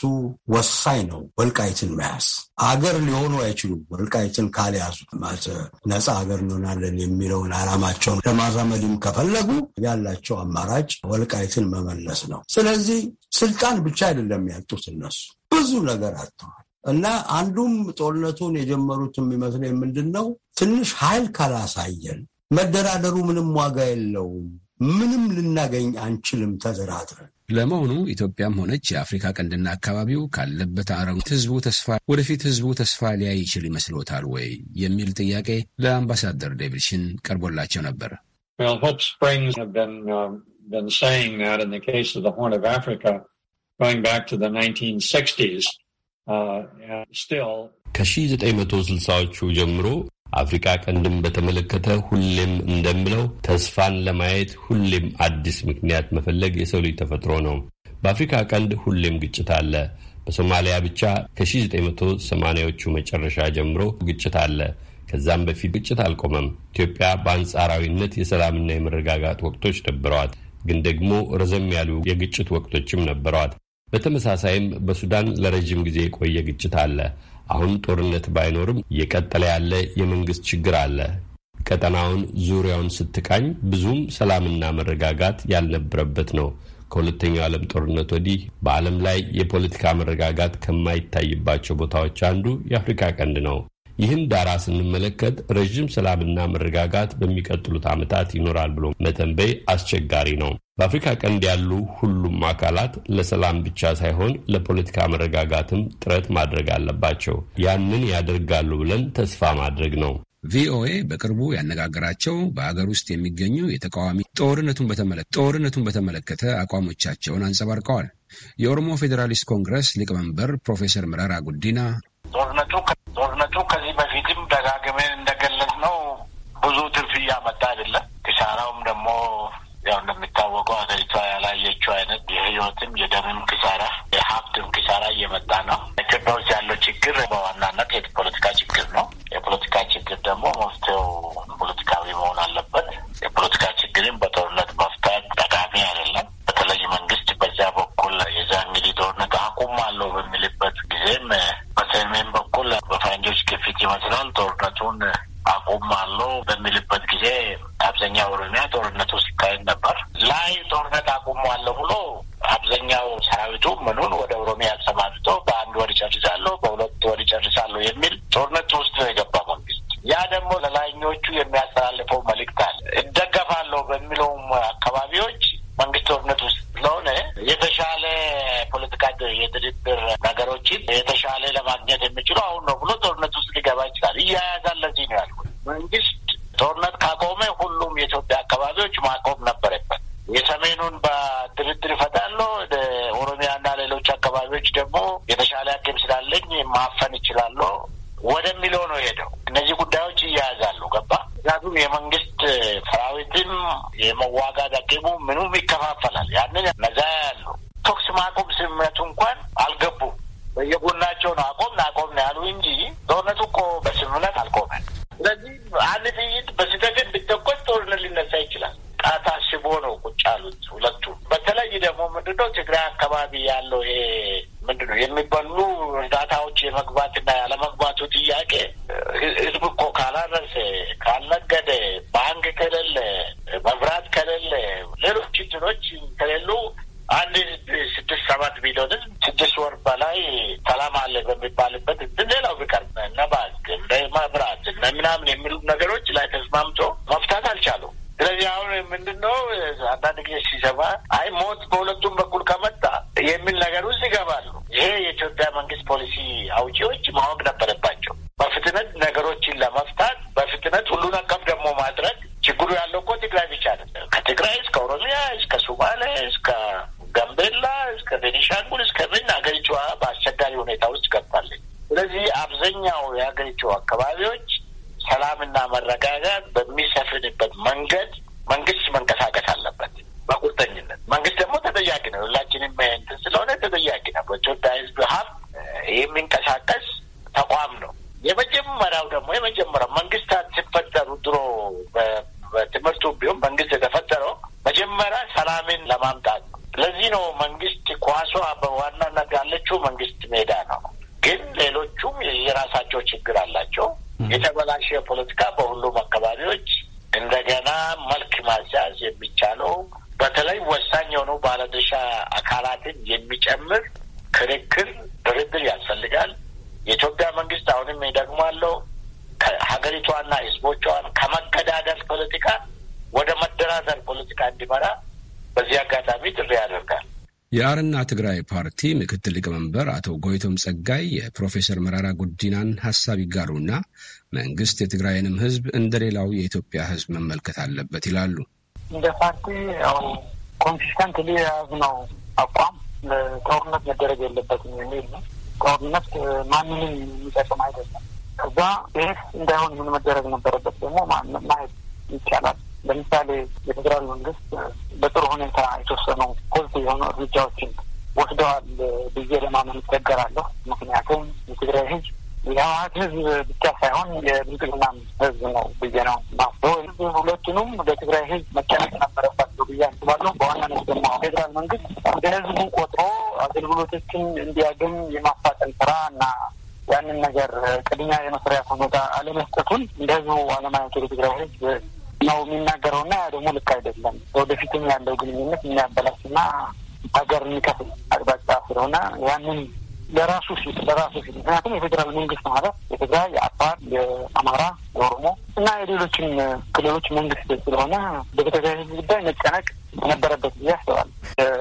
ወሳኝ ነው ወልቃይትን መያዝ። አገር ሊሆኑ አይችሉም ወልቃይትን ካልያዙ። ማለት ነፃ አገር እንሆናለን የሚለውን አላማቸውን ለማራመድም ከፈለጉ ያላቸው አማራጭ ወልቃይትን መመለስ ነው። ስለዚህ ስልጣን ብቻ አይደለም ያጡት እነሱ ብዙ ነገር አጥተዋል። እና አንዱም ጦርነቱን የጀመሩት የሚመስለኝ ምንድን ነው ትንሽ ኃይል ካላሳየን መደራደሩ ምንም ዋጋ የለውም፣ ምንም ልናገኝ አንችልም ተደራድረን። ለመሆኑ ኢትዮጵያም ሆነች የአፍሪካ ቀንድና አካባቢው ካለበት አረንጓዴ ህዝቡ ተስፋ ወደፊት ህዝቡ ተስፋ ሊያይ ይችል ይመስሎታል ወይ የሚል ጥያቄ ለአምባሳደር ዴቪድሽን ቀርቦላቸው ነበር። Uh, ከ1960ዎቹ ጀምሮ አፍሪካ ቀንድን በተመለከተ ሁሌም እንደምለው ተስፋን ለማየት ሁሌም አዲስ ምክንያት መፈለግ የሰው ልጅ ተፈጥሮ ነው። በአፍሪካ ቀንድ ሁሌም ግጭት አለ። በሶማሊያ ብቻ ከ1980ዎቹ መጨረሻ ጀምሮ ግጭት አለ። ከዛም በፊት ግጭት አልቆመም። ኢትዮጵያ በአንጻራዊነት የሰላምና የመረጋጋት ወቅቶች ነበረዋት፣ ግን ደግሞ ረዘም ያሉ የግጭት ወቅቶችም ነበረዋት። በተመሳሳይም በሱዳን ለረዥም ጊዜ የቆየ ግጭት አለ። አሁን ጦርነት ባይኖርም እየቀጠለ ያለ የመንግስት ችግር አለ። ቀጠናውን ዙሪያውን ስትቃኝ ብዙም ሰላምና መረጋጋት ያልነበረበት ነው። ከሁለተኛው ዓለም ጦርነት ወዲህ በዓለም ላይ የፖለቲካ መረጋጋት ከማይታይባቸው ቦታዎች አንዱ የአፍሪካ ቀንድ ነው። ይህን ዳራ ስንመለከት ረዥም ሰላምና መረጋጋት በሚቀጥሉት ዓመታት ይኖራል ብሎ መተንበይ አስቸጋሪ ነው። በአፍሪካ ቀንድ ያሉ ሁሉም አካላት ለሰላም ብቻ ሳይሆን ለፖለቲካ መረጋጋትም ጥረት ማድረግ አለባቸው። ያንን ያደርጋሉ ብለን ተስፋ ማድረግ ነው። ቪኦኤ በቅርቡ ያነጋገራቸው በአገር ውስጥ የሚገኙ የተቃዋሚ ጦርነቱን በተመለከተ አቋሞቻቸውን አንጸባርቀዋል። የኦሮሞ ፌዴራሊስት ኮንግረስ ሊቀመንበር ፕሮፌሰር መረራ ጉዲና ጦርነቱ ከዚህ በፊትም ደጋግመን እንደገለጽ ነው ብዙ ትርፍ እያመጣ አይደለም። ኪሳራውም ደግሞ ያው እንደሚታወቀው ሀገሪቷ ያላየችው አይነት የህይወትም የደምም ኪሳራ የሀብትም ኪሳራ እየመጣ ነው። ኢትዮጵያ ውስጥ ያለው ችግር በዋናነት የፖለቲካ ችግር ነው። የፖለቲካ ችግር ደግሞ መፍትሄው የሚል ነገር ውስጥ ይገባሉ። ይሄ የኢትዮጵያ መንግስት ፖሊሲ አውጪዎች ማወቅ ነበረ አፋርና ትግራይ ፓርቲ ምክትል ሊቀመንበር አቶ ጎይቶም ጸጋይ የፕሮፌሰር መራራ ጉዲናን ሀሳብ ይጋሩና መንግስት የትግራይንም ህዝብ እንደ ሌላው የኢትዮጵያ ህዝብ መመልከት አለበት ይላሉ። እንደ ፓርቲ ያው ኮንሲስተንት ነው አቋም ጦርነት መደረግ የለበትም የሚል ነው። ጦርነት ማንንም የሚጠቅም አይደለም። ከዛ ይህ እንዳይሆን ምን መደረግ ነበረበት? የብልጽግናም ህዝብ ነው ብዬ ነው ማስበው። ሁለቱንም ለትግራይ ህዝብ መጨነቅ ነበረባቸው ብዬ አስባለሁ። በዋናነት ደግሞ ፌዴራል መንግስት ወደ ህዝቡ ቆጥሮ አገልግሎቶችን እንዲያገኝ የማፋጠን ስራ እና ያንን ነገር ቅድሚያ የመስሪያ ሁኔታ አለመስጠቱን እንደ ህዝቡ አለማየቱ የትግራይ ህዝብ ነው የሚናገረው እና ያ ደግሞ ልክ አይደለም። ወደፊትም ያለው ግንኙነት የሚያበላሽና ሀገር የሚከፍል አቅጣጫ ስለሆነ ያንን ለራሱ ፊት ለራሱ ፊት ምክንያቱም የፌዴራል መንግስት ማለት የትግራይ፣ የአፋር፣ የአማራ፣ የኦሮሞ እና የሌሎችም ክልሎች መንግስት ስለሆነ በተጋይ ህዝብ ጉዳይ መጨነቅ የነበረበት ጊዜ ያስባል።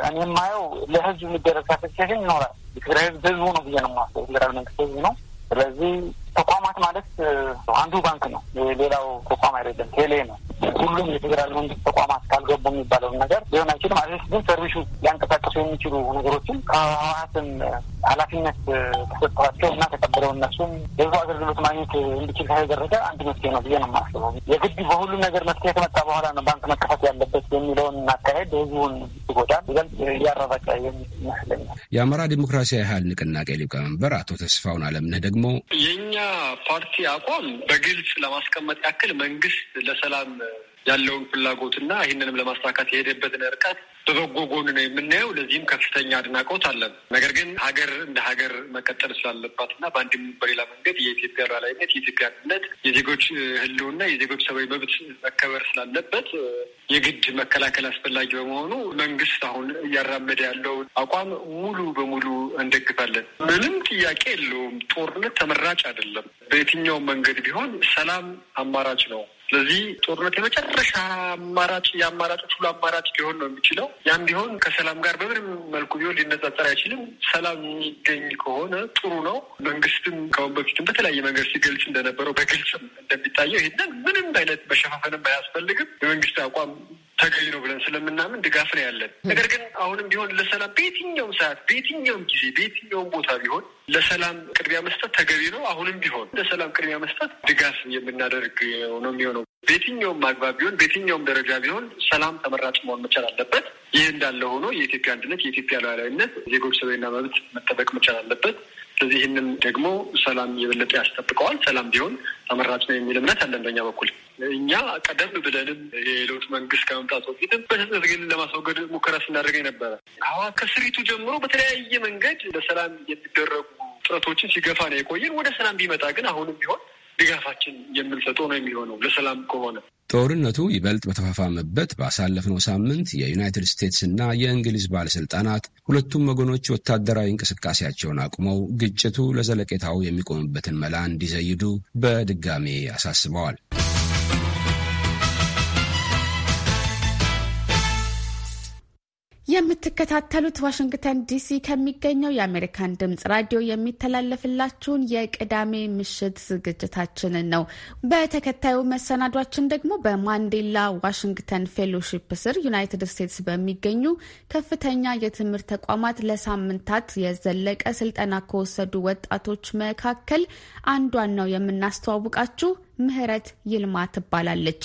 እኔ የማየው ለህዝብ የሚደረግ ሳፊክሴሽን ይኖራል። የትግራይ ህዝብ ህዝቡ ነው ብዬ ነው የማስበው። የፌዴራል መንግስት ህዝቡ ነው። ስለዚህ ተቋማት ማለት አንዱ ባንክ ነው፣ ሌላው ተቋም አይደለም፣ ቴሌ ነው። ሁሉም የፌዴራል መንግስት ተቋማት ካልገቡ የሚባለውን ነገር ሊሆን አይችልም። አትሊስት ግን ሰርቪሱ ሊያንቀሳቀሱ የሚችሉ ነገሮችን ከህወሀትም ኃላፊነት ተሰጥቷቸው እና ተቀብለው እነሱም የህዝቡ አገልግሎት ማግኘት እንዲችል ከተደረገ አንድ መፍትሄ ነው ብዬ ነው የማስበው። የግድ በሁሉም ነገር መፍትሄ ከመጣ በኋላ ነው ባንክ መከፈት ያለበት የሚለውን አካሄድ ህዝቡን ይጎዳል፣ ይበልጥ እያረበቀ ይመስለኛል። የአማራ ዲሞክራሲያዊ ሀይል ንቅናቄ ሊቀመንበር አቶ ተስፋውን አለምነህ ደግሞ የእኛ ፓርቲ አቋም በግልጽ ለማስቀመጥ ያክል መንግስት ለሰላም ያለውን ፍላጎትና ይህንንም ለማስታካት የሄደበትን ርቀት በበጎ ጎን ነው የምናየው። ለዚህም ከፍተኛ አድናቆት አለን። ነገር ግን ሀገር እንደ ሀገር መቀጠል ስላለባትና በአንድም በሌላ መንገድ የኢትዮጵያ ሉዓላዊነት፣ የኢትዮጵያ አንድነት፣ የዜጎች ህልውና የዜጎች ሰብአዊ መብት መከበር ስላለበት የግድ መከላከል አስፈላጊ በመሆኑ መንግስት አሁን እያራመደ ያለው አቋም ሙሉ በሙሉ እንደግፋለን። ምንም ጥያቄ የለውም። ጦርነት ተመራጭ አይደለም። በየትኛውም መንገድ ቢሆን ሰላም አማራጭ ነው። ስለዚህ ጦርነት የመጨረሻ አማራጭ የአማራጮች ሁሉ አማራጭ ሊሆን ነው የሚችለው። ያም ቢሆን ከሰላም ጋር በምንም መልኩ ቢሆን ሊነጻጸር አይችልም። ሰላም የሚገኝ ከሆነ ጥሩ ነው። መንግስትም ከአሁን በፊትም በተለያየ መንገድ ሲገልጽ እንደነበረው በግልጽም እንደሚታየው ይህንን ምንም አይነት መሸፋፈንም አያስፈልግም። የመንግስት አቋም ተገኝ ነው ብለን ስለምናምን ድጋፍ ነው ያለን። ነገር ግን አሁንም ቢሆን ለሰላም በየትኛውም ሰዓት፣ በየትኛውም ጊዜ፣ በየትኛውም ቦታ ቢሆን ለሰላም ቅድሚያ መስጠት ተገቢ ነው። አሁንም ቢሆን ለሰላም ቅድሚያ መስጠት ድጋፍ የምናደርግ ነው የሚሆነው። በየትኛውም አግባብ ቢሆን፣ በየትኛውም ደረጃ ቢሆን ሰላም ተመራጭ መሆን መቻል አለበት። ይህ እንዳለ ሆኖ የኢትዮጵያ አንድነት፣ የኢትዮጵያ ሉዓላዊነት፣ ዜጎች ሰብዓዊና መብት መጠበቅ መቻል አለበት። ስለዚህ ይህንም ደግሞ ሰላም የበለጠ ያስጠብቀዋል። ሰላም ቢሆን ተመራጭ ነው የሚል እምነት አለን በእኛ በኩል። እኛ ቀደም ብለንም የለውጥ መንግስት ከመምጣቱ በፊትም በስጠት ግን ለማስወገድ ሙከራ ስናደርገ ነበረ። አዋ ከስሪቱ ጀምሮ በተለያየ መንገድ ለሰላም የሚደረጉ ጥረቶችን ሲገፋ ነው የቆየን። ወደ ሰላም ቢመጣ ግን አሁንም ቢሆን ድጋፋችን የምንሰጠው ነው የሚሆነው ለሰላም ከሆነ። ጦርነቱ ይበልጥ በተፋፋመበት ባሳለፍነው ሳምንት የዩናይትድ ስቴትስ እና የእንግሊዝ ባለስልጣናት ሁለቱም ወገኖች ወታደራዊ እንቅስቃሴያቸውን አቁመው ግጭቱ ለዘለቄታው የሚቆምበትን መላ እንዲዘይዱ በድጋሜ አሳስበዋል። የምትከታተሉት ዋሽንግተን ዲሲ ከሚገኘው የአሜሪካን ድምጽ ራዲዮ የሚተላለፍላችሁን የቅዳሜ ምሽት ዝግጅታችንን ነው። በተከታዩ መሰናዷችን ደግሞ በማንዴላ ዋሽንግተን ፌሎሺፕ ስር ዩናይትድ ስቴትስ በሚገኙ ከፍተኛ የትምህርት ተቋማት ለሳምንታት የዘለቀ ስልጠና ከወሰዱ ወጣቶች መካከል አንዷን ነው የምናስተዋውቃችሁ። ምህረት ይልማ ትባላለች።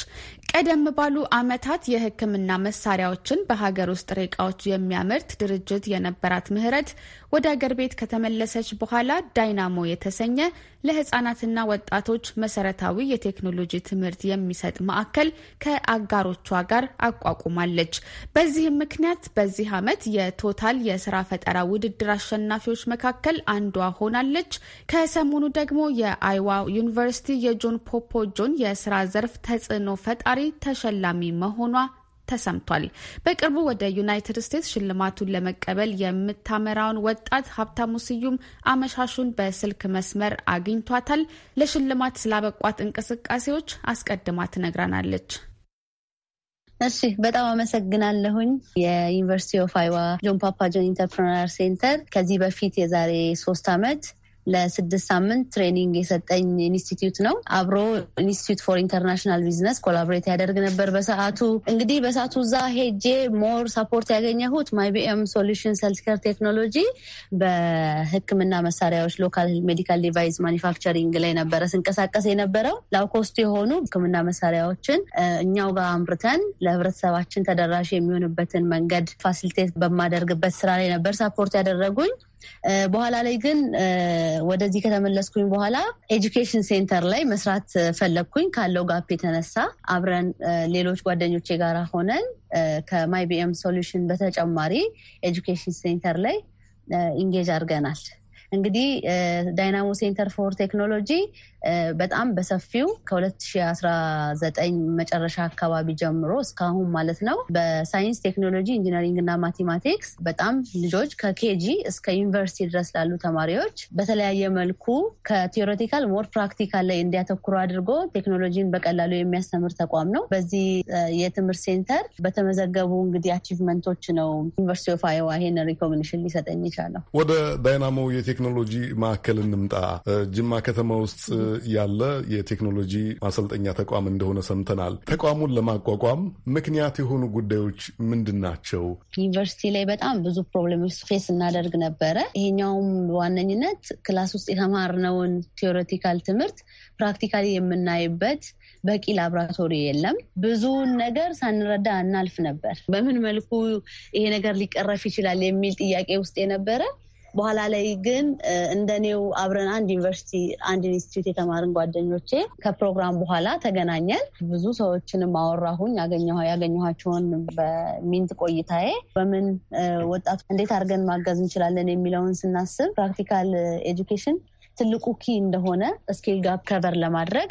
ቀደም ባሉ ዓመታት የሕክምና መሳሪያዎችን በሀገር ውስጥ እቃዎች የሚያመርት ድርጅት የነበራት ምህረት ወደ አገር ቤት ከተመለሰች በኋላ ዳይናሞ የተሰኘ ለሕጻናትና ወጣቶች መሰረታዊ የቴክኖሎጂ ትምህርት የሚሰጥ ማዕከል ከአጋሮቿ ጋር አቋቁማለች። በዚህም ምክንያት በዚህ ዓመት የቶታል የስራ ፈጠራ ውድድር አሸናፊዎች መካከል አንዷ ሆናለች። ከሰሞኑ ደግሞ የአይዋ ዩኒቨርሲቲ የጆን ፖ የኮፖጆን የስራ ዘርፍ ተጽዕኖ ፈጣሪ ተሸላሚ መሆኗ ተሰምቷል። በቅርቡ ወደ ዩናይትድ ስቴትስ ሽልማቱን ለመቀበል የምታመራውን ወጣት ሀብታሙ ስዩም አመሻሹን በስልክ መስመር አግኝቷታል። ለሽልማት ስላበቋት እንቅስቃሴዎች አስቀድማ ትነግራናለች። እሺ በጣም አመሰግናለሁኝ። የዩኒቨርሲቲ ኦፍ አይዋ ጆን ፓፓጆን ጆን ኢንተርፕረነር ሴንተር ከዚህ በፊት የዛሬ ሶስት ዓመት ለስድስት ሳምንት ትሬኒንግ የሰጠኝ ኢንስቲትዩት ነው። አብሮ ኢንስቲትዩት ፎር ኢንተርናሽናል ቢዝነስ ኮላቦሬት ያደርግ ነበር። በሰዓቱ እንግዲህ በሰዓቱ እዛ ሄጄ ሞር ሰፖርት ያገኘሁት ማይቢኤም ሶሉሽን ሰልስከር ቴክኖሎጂ በሕክምና መሳሪያዎች ሎካል ሜዲካል ዲቫይስ ማኒፋክቸሪንግ ላይ ነበረ ስንቀሳቀስ የነበረው። ላውኮስት የሆኑ ሕክምና መሳሪያዎችን እኛው ጋር አምርተን ለህብረተሰባችን ተደራሽ የሚሆንበትን መንገድ ፋሲሊቴት በማደርግበት ስራ ላይ ነበር ሰፖርት ያደረጉኝ። በኋላ ላይ ግን ወደዚህ ከተመለስኩኝ በኋላ ኤጁኬሽን ሴንተር ላይ መስራት ፈለግኩኝ። ካለው ጋፕ የተነሳ አብረን ሌሎች ጓደኞቼ ጋር ሆነን ከማይቢኤም ሶሉሽን በተጨማሪ ኤጁኬሽን ሴንተር ላይ ኢንጌጅ አድርገናል። እንግዲህ ዳይናሞ ሴንተር ፎር ቴክኖሎጂ በጣም በሰፊው ከ2019 መጨረሻ አካባቢ ጀምሮ እስካሁን ማለት ነው በሳይንስ ቴክኖሎጂ፣ ኢንጂነሪንግ እና ማቴማቲክስ በጣም ልጆች ከኬጂ እስከ ዩኒቨርሲቲ ድረስ ላሉ ተማሪዎች በተለያየ መልኩ ከቴዎሬቲካል ሞር ፕራክቲካል ላይ እንዲያተኩሩ አድርጎ ቴክኖሎጂን በቀላሉ የሚያስተምር ተቋም ነው። በዚህ የትምህርት ሴንተር በተመዘገቡ እንግዲህ አቺቭመንቶች ነው ዩኒቨርሲቲ ኦፍ አይዋ ይሄን ሪኮግኒሽን ሊሰጠኝ ይቻለው። ወደ ዳይናሞ የቴክኖሎጂ ማዕከል እንምጣ። ጅማ ከተማ ውስጥ ያለ የቴክኖሎጂ ማሰልጠኛ ተቋም እንደሆነ ሰምተናል። ተቋሙን ለማቋቋም ምክንያት የሆኑ ጉዳዮች ምንድን ናቸው? ዩኒቨርሲቲ ላይ በጣም ብዙ ፕሮብሌሞች ፌስ እናደርግ ነበረ። ይሄኛውም በዋነኝነት ክላስ ውስጥ የተማርነውን ቴዎሬቲካል ትምህርት ፕራክቲካሊ የምናይበት በቂ ላብራቶሪ የለም። ብዙውን ነገር ሳንረዳ እናልፍ ነበር። በምን መልኩ ይሄ ነገር ሊቀረፍ ይችላል የሚል ጥያቄ ውስጥ የነበረ በኋላ ላይ ግን እንደኔው አብረን አንድ ዩኒቨርሲቲ አንድ ኢንስቲትዩት የተማርን ጓደኞቼ ከፕሮግራም በኋላ ተገናኘን። ብዙ ሰዎችንም አወራሁኝ ያገኘኋቸውን በሚንት ቆይታዬ በምን ወጣቱ እንዴት አድርገን ማገዝ እንችላለን የሚለውን ስናስብ ፕራክቲካል ኤጁኬሽን ትልቁ ኪ እንደሆነ ስኪል ጋፕ ከበር ለማድረግ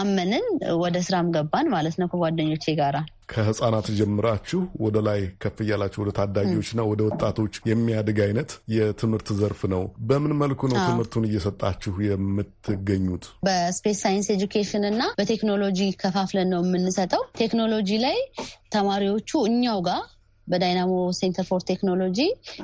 አመንን። ወደ ስራም ገባን ማለት ነው ከጓደኞቼ ጋራ ከህጻናት ጀምራችሁ ወደ ላይ ከፍ እያላችሁ ወደ ታዳጊዎችና ወደ ወጣቶች የሚያድግ አይነት የትምህርት ዘርፍ ነው። በምን መልኩ ነው ትምህርቱን እየሰጣችሁ የምትገኙት? በስፔስ ሳይንስ ኤጁኬሽን እና በቴክኖሎጂ ከፋፍለን ነው የምንሰጠው። ቴክኖሎጂ ላይ ተማሪዎቹ እኛው ጋር በዳይናሞ ሴንተር ፎር ቴክኖሎጂ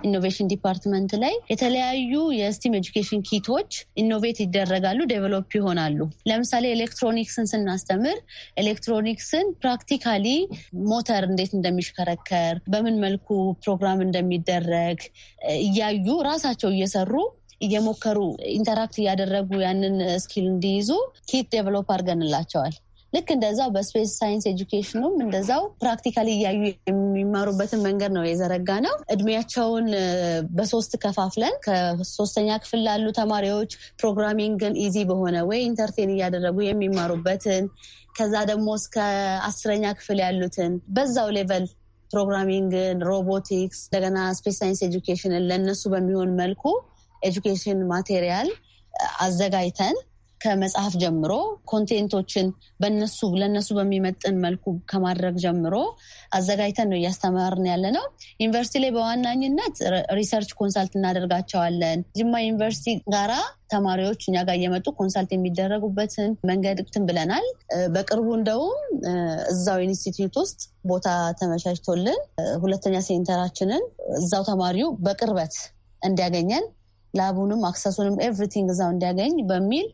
ኢኖቬሽን ዲፓርትመንት ላይ የተለያዩ የስቲም ኤጁኬሽን ኪቶች ኢኖቬት ይደረጋሉ፣ ዴቨሎፕ ይሆናሉ። ለምሳሌ ኤሌክትሮኒክስን ስናስተምር ኤሌክትሮኒክስን ፕራክቲካሊ ሞተር እንዴት እንደሚሽከረከር በምን መልኩ ፕሮግራም እንደሚደረግ እያዩ ራሳቸው እየሰሩ እየሞከሩ ኢንተራክት እያደረጉ ያንን ስኪል እንዲይዙ ኪት ዴቨሎፕ አድርገንላቸዋል። ልክ እንደዛው በስፔስ ሳይንስ ኤጁኬሽኑም እንደዛው ፕራክቲካል እያዩ የሚማሩበትን መንገድ ነው የዘረጋ ነው። እድሜያቸውን በሶስት ከፋፍለን ከሶስተኛ ክፍል ላሉ ተማሪዎች ፕሮግራሚንግን ኢዚ በሆነ ወይ ኢንተርቴን እያደረጉ የሚማሩበትን ከዛ ደግሞ እስከ አስረኛ ክፍል ያሉትን በዛው ሌቨል ፕሮግራሚንግን፣ ሮቦቲክስ፣ እንደገና ስፔስ ሳይንስ ኤጁኬሽንን ለእነሱ በሚሆን መልኩ ኤጁኬሽን ማቴሪያል አዘጋጅተን ከመጽሐፍ ጀምሮ ኮንቴንቶችን በነሱ ለነሱ በሚመጥን መልኩ ከማድረግ ጀምሮ አዘጋጅተን ነው እያስተማርን ያለ ነው። ዩኒቨርሲቲ ላይ በዋናኝነት ሪሰርች ኮንሳልት እናደርጋቸዋለን። ጅማ ዩኒቨርሲቲ ጋራ ተማሪዎች እኛ ጋር እየመጡ ኮንሳልት የሚደረጉበትን መንገድ እንትን ብለናል። በቅርቡ እንደውም እዛው ኢንስቲትዩት ውስጥ ቦታ ተመቻችቶልን ሁለተኛ ሴንተራችንን እዛው ተማሪው በቅርበት እንዲያገኘን ላቡንም አክሰሱንም ኤቭሪቲንግ እዛው እንዲያገኝ በሚል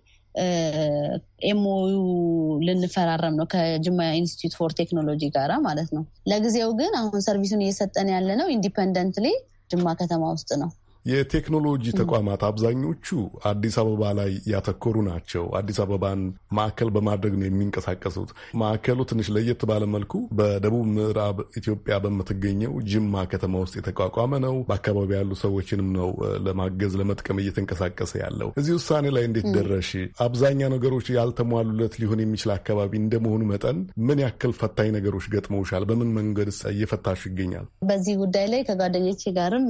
ኤምኦዩ ልንፈራረም ነው ከጅማ ኢንስቲትዩት ፎር ቴክኖሎጂ ጋራ ማለት ነው። ለጊዜው ግን አሁን ሰርቪሱን እየሰጠን ያለ ነው ኢንዲፐንደንትሊ ጅማ ከተማ ውስጥ ነው። የቴክኖሎጂ ተቋማት አብዛኞቹ አዲስ አበባ ላይ ያተኮሩ ናቸው። አዲስ አበባን ማዕከል በማድረግ ነው የሚንቀሳቀሱት። ማዕከሉ ትንሽ ለየት ባለ መልኩ በደቡብ ምዕራብ ኢትዮጵያ በምትገኘው ጅማ ከተማ ውስጥ የተቋቋመ ነው። በአካባቢ ያሉ ሰዎችንም ነው ለማገዝ ለመጥቀም እየተንቀሳቀሰ ያለው። እዚህ ውሳኔ ላይ እንዴት ደረሽ? አብዛኛ ነገሮች ያልተሟሉለት ሊሆን የሚችል አካባቢ እንደመሆኑ መጠን ምን ያክል ፈታኝ ነገሮች ገጥመውሻል? በምን መንገድ እየፈታሹ ይገኛል? በዚህ ጉዳይ ላይ ከጓደኞቼ ጋርም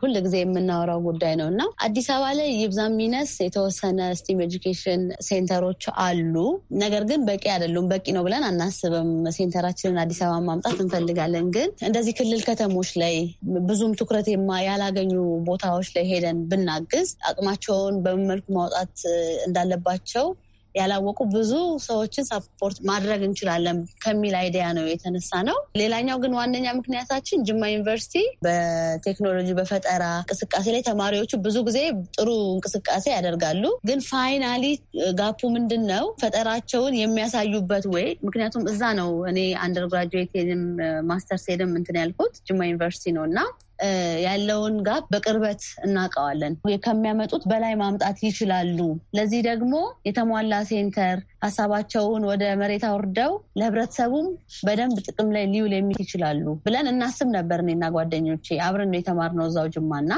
ሁል ጊዜ የምናወራው ጉዳይ ነው እና አዲስ አበባ ላይ ይብዛም ይነስ የተወሰነ ስቲም ኤጁኬሽን ሴንተሮች አሉ። ነገር ግን በቂ አይደሉም። በቂ ነው ብለን አናስብም። ሴንተራችንን አዲስ አበባ ማምጣት እንፈልጋለን። ግን እንደዚህ ክልል ከተሞች ላይ ብዙም ትኩረት ያላገኙ ቦታዎች ላይ ሄደን ብናግዝ አቅማቸውን በምን መልኩ ማውጣት እንዳለባቸው ያላወቁ ብዙ ሰዎችን ሰፖርት ማድረግ እንችላለን ከሚል አይዲያ ነው የተነሳ ነው። ሌላኛው ግን ዋነኛ ምክንያታችን ጅማ ዩኒቨርሲቲ በቴክኖሎጂ በፈጠራ እንቅስቃሴ ላይ ተማሪዎቹ ብዙ ጊዜ ጥሩ እንቅስቃሴ ያደርጋሉ። ግን ፋይናሊ ጋፑ ምንድን ነው? ፈጠራቸውን የሚያሳዩበት ወይ ምክንያቱም እዛ ነው እኔ አንደር ሄድም ማስተርስ ሄድም እንትን ያልኩት ጅማ ዩኒቨርሲቲ ነው እና ያለውን ጋፕ በቅርበት እናውቀዋለን። ከሚያመጡት በላይ ማምጣት ይችላሉ። ለዚህ ደግሞ የተሟላ ሴንተር ሀሳባቸውን ወደ መሬት አውርደው ለህብረተሰቡም በደንብ ጥቅም ላይ ሊውል የሚችል ይችላሉ ብለን እናስብ ነበር። እኔና ጓደኞቼ አብረን ነው የተማርነው እዛው ጅማና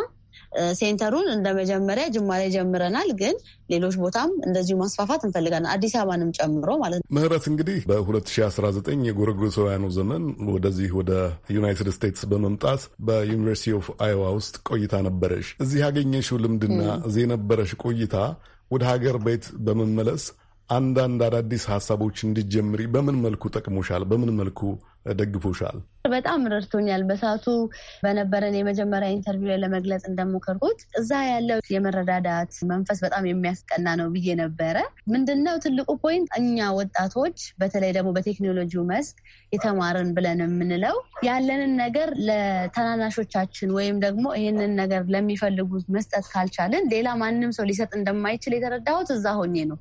ሴንተሩን እንደ መጀመሪያ ጅማ ላይ ጀምረናል፣ ግን ሌሎች ቦታም እንደዚሁ ማስፋፋት እንፈልጋለን አዲስ አበባንም ጨምሮ ማለት ነው። ምህረት እንግዲህ በ2019 የጎረጎሳውያኑ ዘመን ወደዚህ ወደ ዩናይትድ ስቴትስ በመምጣት በዩኒቨርሲቲ ኦፍ አይዋ ውስጥ ቆይታ ነበረሽ። እዚህ ያገኘሽው ልምድና እዚህ የነበረሽ ቆይታ ወደ ሀገር ቤት በመመለስ አንዳንድ አዳዲስ ሀሳቦች እንዲጀምሪ በምን መልኩ ጠቅሞሻል? በምን መልኩ ደግፎሻል? በጣም ረድቶኛል። በሰዓቱ በነበረን የመጀመሪያ ኢንተርቪው ላይ ለመግለጽ እንደሞከርኩት እዛ ያለው የመረዳዳት መንፈስ በጣም የሚያስቀና ነው ብዬ ነበረ። ምንድነው ትልቁ ፖይንት፣ እኛ ወጣቶች በተለይ ደግሞ በቴክኖሎጂው መስክ የተማርን ብለን የምንለው ያለንን ነገር ለተናናሾቻችን ወይም ደግሞ ይህንን ነገር ለሚፈልጉት መስጠት ካልቻልን ሌላ ማንም ሰው ሊሰጥ እንደማይችል የተረዳሁት እዛ ሆኜ ነው።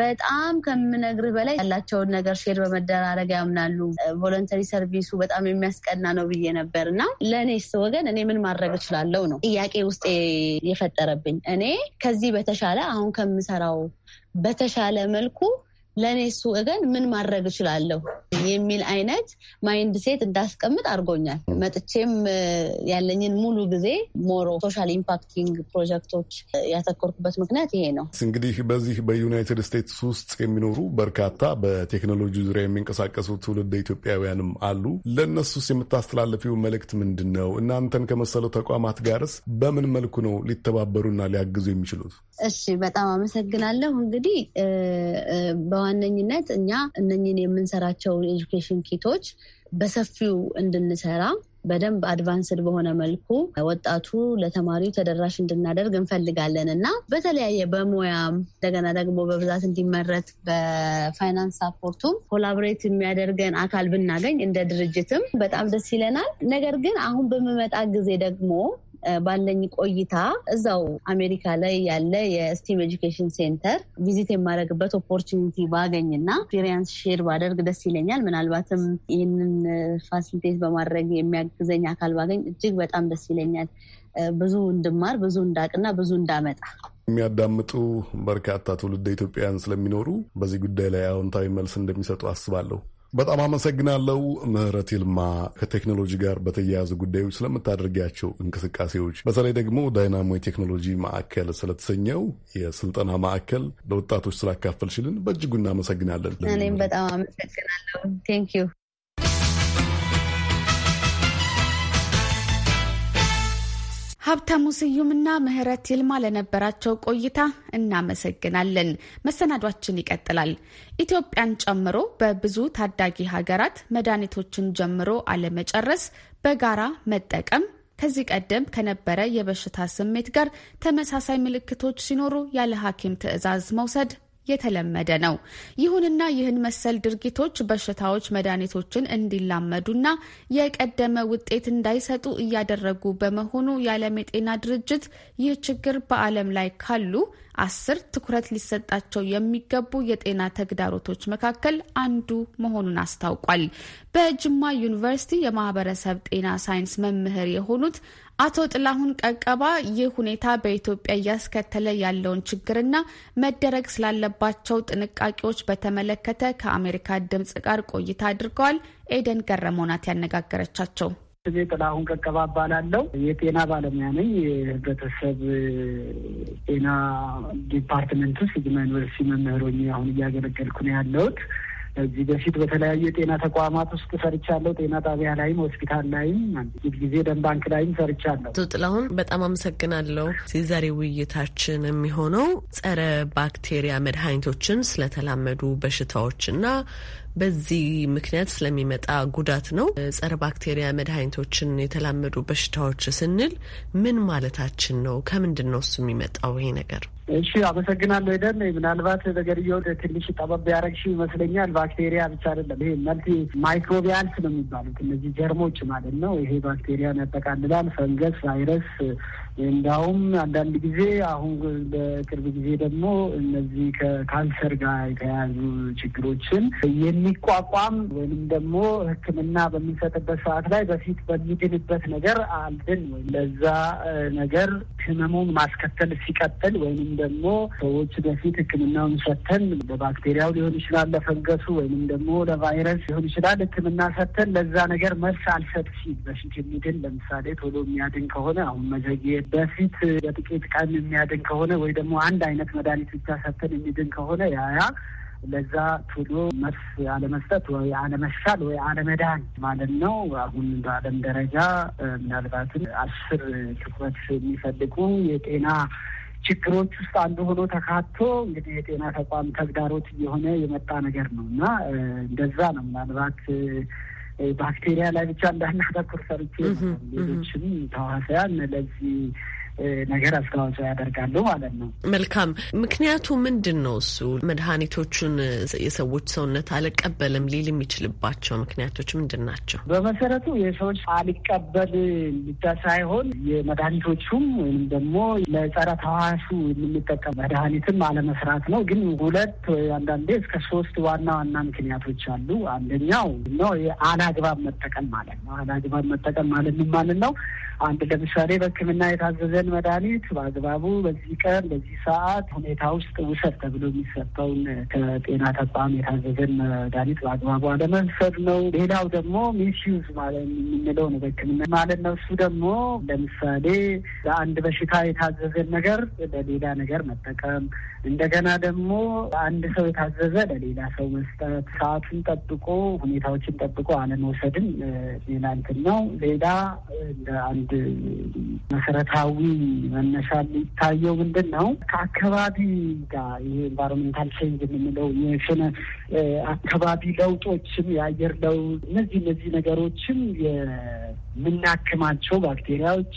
በጣም ከምነግርህ በላይ ያላቸውን ነገር ሼር በመደራረግ ያምናሉ። ቮለንተሪ ሰርቪሱ በጣም የሚያስቀና ነው ብዬ ነበር እና ለእኔስ ወገን እኔ ምን ማድረግ እችላለሁ ነው ጥያቄ ውስጥ የፈጠረብኝ። እኔ ከዚህ በተሻለ አሁን ከምሰራው በተሻለ መልኩ ለእኔ እሱ እገን ምን ማድረግ እችላለሁ የሚል አይነት ማይንድ ሴት እንዳስቀምጥ አድርጎኛል። መጥቼም ያለኝን ሙሉ ጊዜ ሞሮ ሶሻል ኢምፓክቲንግ ፕሮጀክቶች ያተኮርኩበት ምክንያት ይሄ ነው። እንግዲህ በዚህ በዩናይትድ ስቴትስ ውስጥ የሚኖሩ በርካታ በቴክኖሎጂ ዙሪያ የሚንቀሳቀሱ ትውልድ ኢትዮጵያውያንም አሉ። ለእነሱስ የምታስተላለፊው መልእክት ምንድን ነው? እናንተን ከመሰሉ ተቋማት ጋርስ በምን መልኩ ነው ሊተባበሩና ሊያግዙ የሚችሉት? እሺ በጣም አመሰግናለሁ። እንግዲህ በዋነኝነት እኛ እነኝን የምንሰራቸው የኤጁኬሽን ኪቶች በሰፊው እንድንሰራ በደንብ አድቫንስድ በሆነ መልኩ ወጣቱ ለተማሪው ተደራሽ እንድናደርግ እንፈልጋለን እና በተለያየ በሙያም እንደገና ደግሞ በብዛት እንዲመረት በፋይናንስ ሳፖርቱም ኮላቦሬት የሚያደርገን አካል ብናገኝ እንደ ድርጅትም በጣም ደስ ይለናል። ነገር ግን አሁን በምመጣ ጊዜ ደግሞ ባለኝ ቆይታ እዛው አሜሪካ ላይ ያለ የስቲም ኤጁኬሽን ሴንተር ቪዚት የማደርግበት ኦፖርቹኒቲ ባገኝና ኤክስፔሪንስ ሼር ባደርግ ደስ ይለኛል። ምናልባትም ይህንን ፋሲሊቴት በማድረግ የሚያግዘኝ አካል ባገኝ እጅግ በጣም ደስ ይለኛል። ብዙ እንድማር፣ ብዙ እንዳቅና ብዙ እንዳመጣ የሚያዳምጡ በርካታ ትውልደ ኢትዮጵያውያን ስለሚኖሩ በዚህ ጉዳይ ላይ አዎንታዊ መልስ እንደሚሰጡ አስባለሁ። በጣም አመሰግናለሁ ምህረት ይልማ ከቴክኖሎጂ ጋር በተያያዙ ጉዳዮች ስለምታደርጊያቸው እንቅስቃሴዎች በተለይ ደግሞ ዳይናሞ የቴክኖሎጂ ማዕከል ስለተሰኘው የስልጠና ማዕከል ለወጣቶች ስላካፈልሽልን በእጅጉ እናመሰግናለን። እኔም በጣም አመሰግናለሁ። ቴንክ ዩ ሀብታሙ ስዩምና ምህረት ይልማ ለነበራቸው ቆይታ እናመሰግናለን። መሰናዷችን ይቀጥላል። ኢትዮጵያን ጨምሮ በብዙ ታዳጊ ሀገራት መድኃኒቶችን ጀምሮ አለመጨረስ፣ በጋራ መጠቀም ከዚህ ቀደም ከነበረ የበሽታ ስሜት ጋር ተመሳሳይ ምልክቶች ሲኖሩ ያለ ሐኪም ትዕዛዝ መውሰድ የተለመደ ነው። ይሁንና ይህን መሰል ድርጊቶች በሽታዎች መድኃኒቶችን እንዲላመዱና የቀደመ ውጤት እንዳይሰጡ እያደረጉ በመሆኑ የዓለም የጤና ድርጅት ይህ ችግር በዓለም ላይ ካሉ አስር ትኩረት ሊሰጣቸው የሚገቡ የጤና ተግዳሮቶች መካከል አንዱ መሆኑን አስታውቋል። በጅማ ዩኒቨርሲቲ የማህበረሰብ ጤና ሳይንስ መምህር የሆኑት አቶ ጥላሁን ቀቀባ ይህ ሁኔታ በኢትዮጵያ እያስከተለ ያለውን ችግርና መደረግ ስላለባቸው ጥንቃቄዎች በተመለከተ ከአሜሪካ ድምጽ ጋር ቆይታ አድርገዋል። ኤደን ገረመው ያነጋገረቻቸው። ስሜ ጥላሁን ቀቀባ እባላለሁ። የጤና ባለሙያ ነኝ። የህብረተሰብ ጤና ዲፓርትመንት ውስጥ ጅማ ዩኒቨርሲቲ መምህሮኝ አሁን እያገለገልኩ ነው ያለሁት። ከዚህ በፊት በተለያዩ የጤና ተቋማት ውስጥ ሰርቻለሁ። ጤና ጣቢያ ላይም ሆስፒታል ላይም አንድ ጊዜ ደም ባንክ ላይም ሰርቻለሁ። አቶ ጥላሁን በጣም አመሰግናለሁ። የዛሬ ውይይታችን የሚሆነው ጸረ ባክቴሪያ መድኃኒቶችን ስለተላመዱ በሽታዎችና በዚህ ምክንያት ስለሚመጣ ጉዳት ነው። ጸረ ባክቴሪያ መድኃኒቶችን የተላመዱ በሽታዎች ስንል ምን ማለታችን ነው? ከምንድን ነው እሱ የሚመጣው ይሄ ነገር? እሺ አመሰግናለሁ ሄደን ምናልባት ነገርየውን ትንሽ ጠበብ ያደረግሽ ይመስለኛል። ባክቴሪያ ብቻ አይደለም ይሄ መልቲ ማይክሮቢያልስ ነው የሚባሉት እነዚህ ጀርሞች ማለት ነው። ይሄ ባክቴሪያን ያጠቃልላል፣ ፈንገስ፣ ቫይረስ እንዲያውም አንዳንድ ጊዜ አሁን በቅርብ ጊዜ ደግሞ እነዚህ ከካንሰር ጋር የተያያዙ ችግሮችን የሚቋቋም ወይም ደግሞ ሕክምና በምንሰጥበት ሰዓት ላይ በፊት በሚድንበት ነገር አልድን ወይም ለዛ ነገር ህመሙን ማስከተል ሲቀጥል ወይንም ደግሞ ሰዎች በፊት ሕክምናውን ሰተን ለባክቴሪያው ሊሆን ይችላል፣ ለፈንገሱ ወይንም ደግሞ ለቫይረስ ሊሆን ይችላል። ሕክምና ሰተን ለዛ ነገር መልስ አልሰጥ ሲል በፊት የሚድን ለምሳሌ ቶሎ የሚያድን ከሆነ አሁን መዘግየት በፊት በጥቂት ቀን የሚያድን ከሆነ ወይ ደግሞ አንድ አይነት መድኃኒት ብቻ ሰጥተን የሚድን ከሆነ ያያ ለዛ ቶሎ መልስ አለመስጠት ወይ አለመሻል ወይ አለመዳን ማለት ነው። አሁን በዓለም ደረጃ ምናልባትም አስር ትኩረት የሚፈልጉ የጤና ችግሮች ውስጥ አንዱ ሆኖ ተካቶ እንግዲህ የጤና ተቋም ተግዳሮት እየሆነ የመጣ ነገር ነው እና እንደዛ ነው ምናልባት ባክቴሪያ ላይ ብቻ እንዳናተኩር ሰርቼ ሌሎችም ተዋሳያን ለዚህ ነገር አስተዋጽኦ ያደርጋሉ ማለት ነው። መልካም። ምክንያቱ ምንድን ነው? እሱ መድኃኒቶቹን የሰዎች ሰውነት አልቀበልም ሊል የሚችልባቸው ምክንያቶች ምንድን ናቸው? በመሰረቱ የሰዎች አልቀበል ብቻ ሳይሆን የመድኃኒቶቹም ወይም ደግሞ ለጸረ ተዋሹ የምንጠቀም መድኃኒትም አለመስራት ነው። ግን ሁለት አንዳንዴ እስከ ሶስት ዋና ዋና ምክንያቶች አሉ። አንደኛው ነው የአላግባብ መጠቀም ማለት ነው። አላግባብ መጠቀም ማለት ምን ማለት ነው? አንድ ለምሳሌ በሕክምና የታዘዘን መድኃኒት በአግባቡ በዚህ ቀን በዚህ ሰዓት ሁኔታ ውስጥ ውሰድ ተብሎ የሚሰጠውን ከጤና ተቋም የታዘዘን መድኃኒት በአግባቡ አለመውሰድ ነው። ሌላው ደግሞ ሚስዩዝ ማለት የምንለው ነው በሕክምና ማለት ነው። እሱ ደግሞ ለምሳሌ ለአንድ በሽታ የታዘዘን ነገር ለሌላ ነገር መጠቀም፣ እንደገና ደግሞ አንድ ሰው የታዘዘ ለሌላ ሰው መስጠት፣ ሰዓቱን ጠብቆ ሁኔታዎችን ጠብቆ አለመውሰድም ሌላ እንትን ነው። ሌላ አንድ መሰረታዊ መነሻ የሚታየው ምንድን ነው? ከአካባቢ ጋር ይሄ ኤንቫይሮንሜንታል ቼንጅ የምንለው የስነ አካባቢ ለውጦችም የአየር ለውጥ እነዚህ እነዚህ ነገሮችም የምናክማቸው ባክቴሪያዎች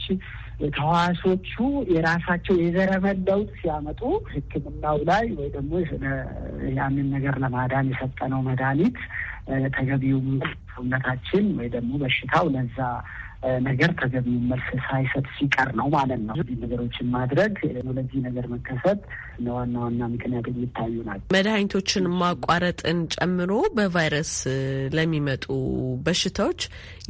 ተዋሶቹ የራሳቸው የዘረመን ለውጥ ሲያመጡ ሕክምናው ላይ ወይ ደግሞ ያንን ነገር ለማዳን የሰጠነው መድኃኒት ተገቢውም ሰውነታችን ወይ ደግሞ በሽታው ለዛ ነገር ተገቢውን መልስ ሳይሰጥ ሲቀር ነው ማለት ነው። ነገሮችን ማድረግ ለዚህ ነገር መከሰት ለዋና ዋና ምክንያት የሚታዩ ናቸው። መድኃኒቶችን ማቋረጥን ጨምሮ በቫይረስ ለሚመጡ በሽታዎች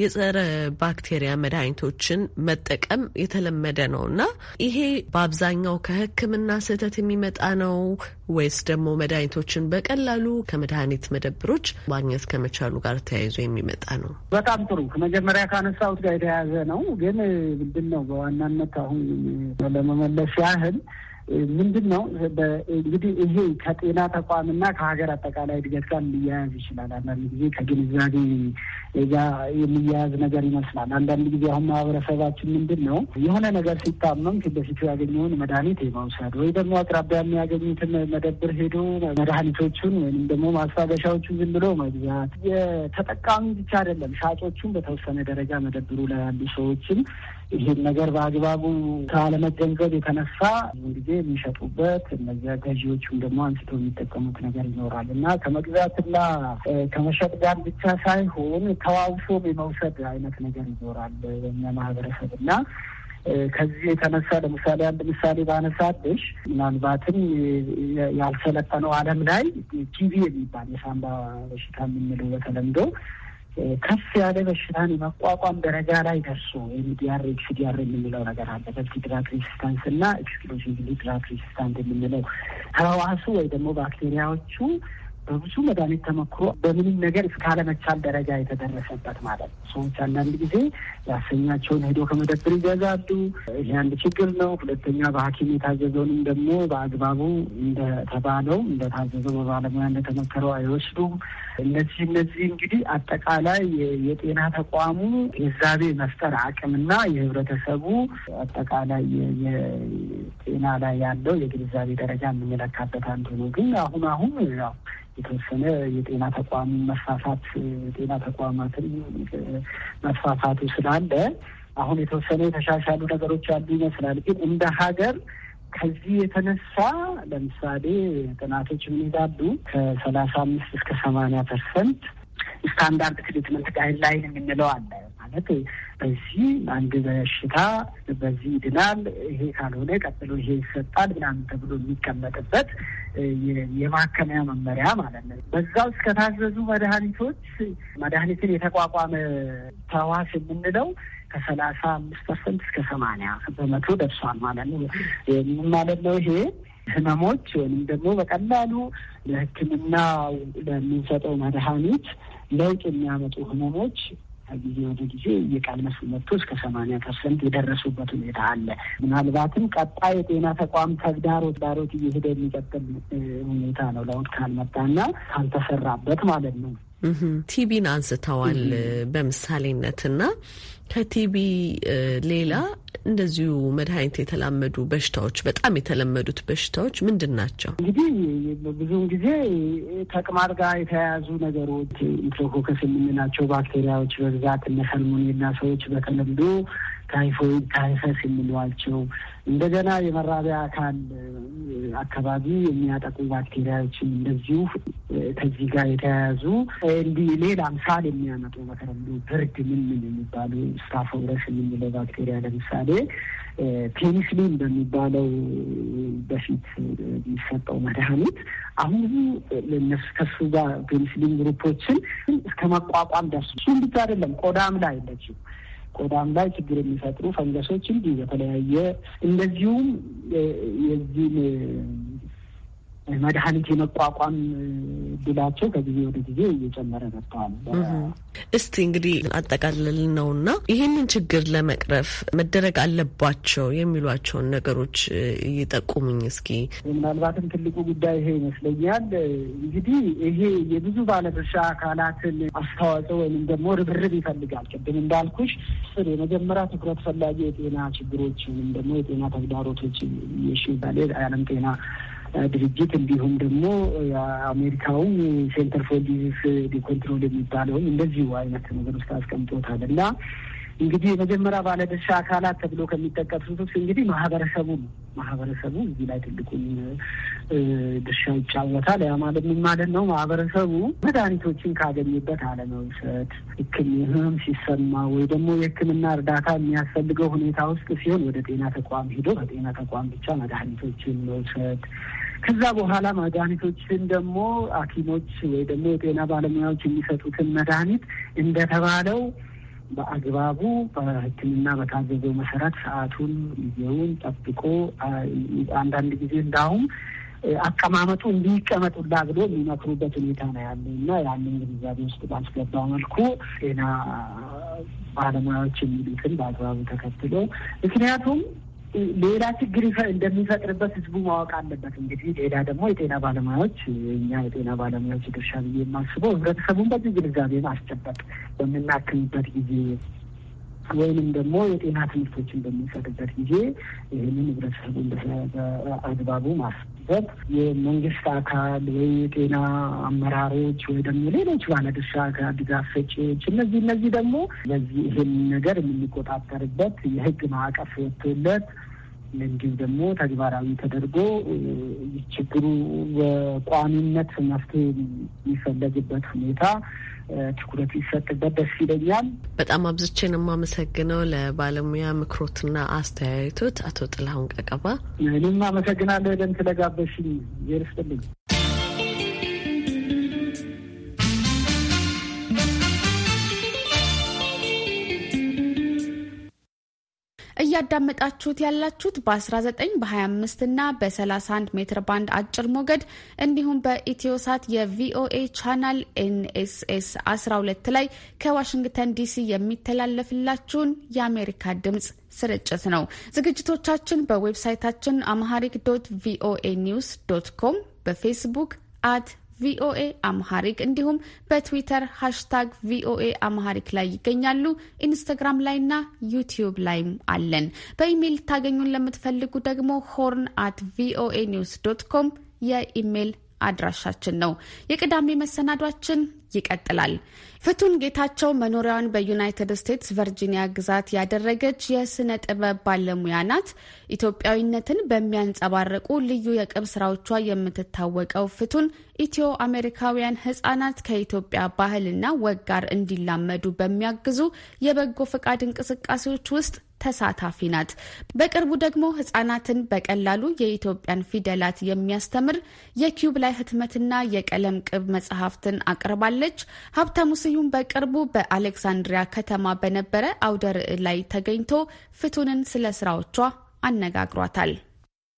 የጸረ ባክቴሪያ መድኃኒቶችን መጠቀም የተለመደ ነው እና ይሄ በአብዛኛው ከሕክምና ስህተት የሚመጣ ነው ወይስ ደግሞ መድኃኒቶችን በቀላሉ ከመድኃኒት መደብሮች ማግኘት ከመቻሉ ጋር ተያይዞ የሚመጣ ነው? በጣም ጥሩ። ከመጀመሪያ ካነሳሁት ጋር የተያያዘ ነው። ግን ምንድን ነው በዋናነት አሁን ለመመለስ ያህል ምንድን ነው እንግዲህ ይሄ ከጤና ተቋምና ከሀገር አጠቃላይ እድገት ጋር ሊያያዝ ይችላል። አንዳንድ ጊዜ ከግንዛቤ ጋር የሚያያዝ ነገር ይመስላል። አንዳንድ ጊዜ አሁን ማህበረሰባችን ምንድን ነው የሆነ ነገር ሲታመም ፊት ለፊቱ ያገኘውን መድኃኒት የመውሰድ ወይ ደግሞ አቅራቢያ የሚያገኙትን መደብር ሄዶ መድኃኒቶቹን ወይም ደግሞ ማስታገሻዎቹን ዝም ብሎ መግዛት የተጠቃሚ ብቻ አይደለም ሻጮቹን በተወሰነ ደረጃ መደብሩ ላይ ያሉ ሰዎችን ይህን ነገር በአግባቡ ካለመገንዘብ የተነሳ ጊዜ የሚሸጡበት እነዚያ ገዢዎቹም ደግሞ አንስቶ የሚጠቀሙት ነገር ይኖራል እና ከመግዛትና ከመሸጥ ጋር ብቻ ሳይሆን ተዋውሶም የመውሰድ አይነት ነገር ይኖራል በኛ ማህበረሰብ እና ከዚህ የተነሳ ለምሳሌ አንድ ምሳሌ ባነሳልሽ ምናልባትም ያልሰለጠነው ዓለም ላይ ቲቪ የሚባል የሳምባ በሽታ የምንለው በተለምዶ ከፍ ያለ በሽታን የመቋቋም ደረጃ ላይ ደርሶ የሚዲአር ኤክስዲአር የምንለው ነገር አለ። በዚህ ድራግ ሬሲስታንስ እና ኤክስክሉሲቭሊ ድራግ ሬሲስታንት የምንለው ህዋሱ ወይ ደግሞ ባክቴሪያዎቹ በብዙ መድኃኒት ተመክሮ በምንም ነገር እስካለመቻል ደረጃ የተደረሰበት ማለት ነው። ሰዎች አንዳንድ ጊዜ ያሰኛቸውን ሄዶ ከመደብር ይገዛሉ። ይሄ አንድ ችግር ነው። ሁለተኛ በሐኪም የታዘዘውንም ደግሞ በአግባቡ እንደተባለው እንደታዘዘው በባለሙያ እንደተመከረው አይወስዱም። እነዚህ እነዚህ እንግዲህ አጠቃላይ የጤና ተቋሙ ግንዛቤ መፍጠር አቅምና የህብረተሰቡ አጠቃላይ የጤና ላይ ያለው የግንዛቤ ደረጃ የምንለካበት አንዱ ነው። ግን አሁን አሁን ያው የተወሰነ የጤና ተቋሙ መስፋፋት ጤና ተቋማትን መስፋፋቱ ስላለ አሁን የተወሰነ የተሻሻሉ ነገሮች አሉ ይመስላል። ግን እንደ ሀገር ከዚህ የተነሳ ለምሳሌ ጥናቶች የሚዳዱ ከሰላሳ አምስት እስከ ሰማንያ ፐርሰንት ስታንዳርድ ትሪትመንት ጋይድላይን የምንለው አለ። ማለት በዚህ አንድ በሽታ በዚህ ይድናል፣ ይሄ ካልሆነ ቀጥሎ ይሄ ይሰጣል ምናምን ተብሎ የሚቀመጥበት የማከሚያ መመሪያ ማለት ነው። በዛ ውስጥ ከታዘዙ መድኃኒቶች መድኃኒትን የተቋቋመ ተዋስ የምንለው ከሰላሳ አምስት ፐርሰንት እስከ ሰማንያ በመቶ ደርሷል ማለት ነው ማለት ነው ይሄ ህመሞች ወይም ደግሞ በቀላሉ ለሕክምና ለምንሰጠው መድኃኒት ለውጥ የሚያመጡ ህመሞች ከጊዜ ወደ ጊዜ እየቀነሱ መጥቶ እስከ ሰማንያ ፐርሰንት የደረሱበት ሁኔታ አለ። ምናልባትም ቀጣይ የጤና ተቋም ተግዳሮት ዳሮት እየሄደ የሚቀጥል ሁኔታ ነው ለውጥ ካልመጣና ካልተሰራበት ማለት ነው። ቲቢን አንስተዋል በምሳሌነትና ከቲቢ ሌላ እንደዚሁ መድኃኒት የተላመዱ በሽታዎች በጣም የተለመዱት በሽታዎች ምንድን ናቸው? እንግዲህ ብዙውን ጊዜ ተቅማጥ ጋር የተያያዙ ነገሮች ኢንትሮኮከስ የምንላቸው ባክቴሪያዎች በብዛት እነ ሰልሞኔላ ሰዎች በተለምዶ ታይፎይድ፣ ታይፈስ የሚሏቸው እንደገና የመራቢያ አካል አካባቢ የሚያጠቁ ባክቴሪያዎችን እንደዚሁ ከዚህ ጋር የተያያዙ እንዲህ ሌላም ሳል የሚያመጡ በተለምዶ ብርድ ምን ምን የሚባሉ ስታፎረስ የምንለው ባክቴሪያ ለምሳሌ ፔኒስሊን በሚባለው በፊት የሚሰጠው መድኃኒት አሁን ብዙ ከሱ ጋር ፔኒስሊን ግሩፖችን እስከ መቋቋም ደርሱ። እሱም ብቻ አይደለም ቆዳም ላይ እንደዚሁ ቆዳም ላይ ችግር የሚፈጥሩ ፈንገሶች እንዲህ በተለያየ እንደዚሁም የዚህን መድኃኒት የመቋቋም ድላቸው ከጊዜ ወደ ጊዜ እየጨመረ መጥተዋል። እስቲ እንግዲህ አጠቃልል ነው እና ይህንን ችግር ለመቅረፍ መደረግ አለባቸው የሚሏቸውን ነገሮች እየጠቁሙኝ እስኪ። ምናልባትም ትልቁ ጉዳይ ይሄ ይመስለኛል። እንግዲህ ይሄ የብዙ ባለድርሻ አካላትን አስተዋጽኦ ወይም ደግሞ ርብርብ ይፈልጋል። ቅድም እንዳልኩሽ ስር የመጀመሪያ ትኩረት ፈላጊ የጤና ችግሮች ወይም ደግሞ የጤና ተግዳሮቶች የሽ ያለም ጤና ድርጅት እንዲሁም ደግሞ የአሜሪካው ሴንተር ፎር ዲዚዝ ዲኮንትሮል የሚባለውን እንደዚሁ አይነት ነገር ውስጥ አስቀምጦታል እና እንግዲህ የመጀመሪያ ባለድርሻ አካላት ተብሎ ከሚጠቀሱት ውስጥ እንግዲህ ማህበረሰቡ ነው። ማህበረሰቡ እዚህ ላይ ትልቁን ድርሻ ይጫወታል። ያ ማለት ምን ማለት ነው? ማህበረሰቡ መድኃኒቶችን ካገኘበት አለመውሰድ፣ ሕክምናም ሲሰማ ወይ ደግሞ የሕክምና እርዳታ የሚያስፈልገው ሁኔታ ውስጥ ሲሆን ወደ ጤና ተቋም ሄዶ በጤና ተቋም ብቻ መድኃኒቶችን መውሰድ ከዛ በኋላ መድኃኒቶችን ደግሞ ሐኪሞች ወይ ደግሞ የጤና ባለሙያዎች የሚሰጡትን መድኃኒት እንደተባለው በአግባቡ በሕክምና በታዘዘው መሰረት ሰዓቱን፣ ጊዜውን ጠብቆ አንዳንድ ጊዜ እንዳሁም አቀማመጡ እንዲቀመጡላ ብሎ የሚመክሩበት ሁኔታ ነው ያለ እና ያንን ግንዛቤ ውስጥ ባስገባ መልኩ ጤና ባለሙያዎች የሚሉትን በአግባቡ ተከትሎ ምክንያቱም ሌላ ችግር እንደሚፈጥርበት ህዝቡ ማወቅ አለበት። እንግዲህ ሌላ ደግሞ የጤና ባለሙያዎች እኛ የጤና ባለሙያዎች ድርሻ ብዬ የማስበው ህብረተሰቡን በዚህ ግንዛቤ ማስጨበቅ በምናክምበት ጊዜ ወይንም ደግሞ የጤና ትምህርቶችን በሚሰጥበት ጊዜ ይህንን ህብረተሰቡን በአግባቡ ማስ የሚያደርጉበት የመንግስት አካል ወይ የጤና አመራሮች ወይ ደግሞ ሌሎች ባለድርሻ አካል ድጋፍ ሰጪዎች፣ እነዚህ እነዚህ ደግሞ በዚህ ይህን ነገር የምንቆጣጠርበት የህግ ማዕቀፍ ወጥቶለት እንዲሁ ደግሞ ተግባራዊ ተደርጎ ችግሩ በቋሚነት መፍትሄ የሚፈለግበት ሁኔታ ትኩረት ይሰጥበት ደስ ይለኛል። በጣም አብዝቼን የማመሰግነው ለባለሙያ ምክሮትና አስተያየቶት አቶ ጥላሁን ቀቀባ። እኔም አመሰግናለሁ ደን ስለጋበሽኝ ይርስጥልኝ። እያዳመጣችሁት ያላችሁት በ19 በ25 እና በ31 ሜትር ባንድ አጭር ሞገድ እንዲሁም በኢትዮሳት የቪኦኤ ቻናል ኤንኤስኤስ 12 ላይ ከዋሽንግተን ዲሲ የሚተላለፍላችሁን የአሜሪካ ድምጽ ስርጭት ነው። ዝግጅቶቻችን በዌብሳይታችን አምሃሪክ ዶት ቪኦኤ ኒውስ ዶት ኮም በፌስቡክ አት ቪኦኤ አምሃሪክ እንዲሁም በትዊተር ሃሽታግ ቪኦኤ አምሃሪክ ላይ ይገኛሉ። ኢንስተግራም ላይና ዩቲዩብ ላይም አለን። በኢሜይል ታገኙን ለምትፈልጉ ደግሞ ሆርን አት ቪኦኤ ኒውስ ዶት ኮም የኢሜይል አድራሻችን ነው። የቅዳሜ መሰናዷችን ይቀጥላል። ፍቱን ጌታቸው መኖሪያዋን በዩናይትድ ስቴትስ ቨርጂኒያ ግዛት ያደረገች የስነ ጥበብ ባለሙያ ናት። ኢትዮጵያዊነትን በሚያንጸባርቁ ልዩ የቅብ ስራዎቿ የምትታወቀው ፍቱን ኢትዮ አሜሪካውያን ህጻናት ከኢትዮጵያ ባህልና ወግ ጋር እንዲላመዱ በሚያግዙ የበጎ ፈቃድ እንቅስቃሴዎች ውስጥ ተሳታፊ ናት። በቅርቡ ደግሞ ህጻናትን በቀላሉ የኢትዮጵያን ፊደላት የሚያስተምር የኪዩብ ላይ ህትመትና የቀለም ቅብ መጽሐፍትን አቅርባለች። ትገኛለች። ሀብታሙ ስዩም በቅርቡ በአሌክሳንድሪያ ከተማ በነበረ አውደ ርዕይ ላይ ተገኝቶ ፍቱንን ስለ ስራዎቿ አነጋግሯታል።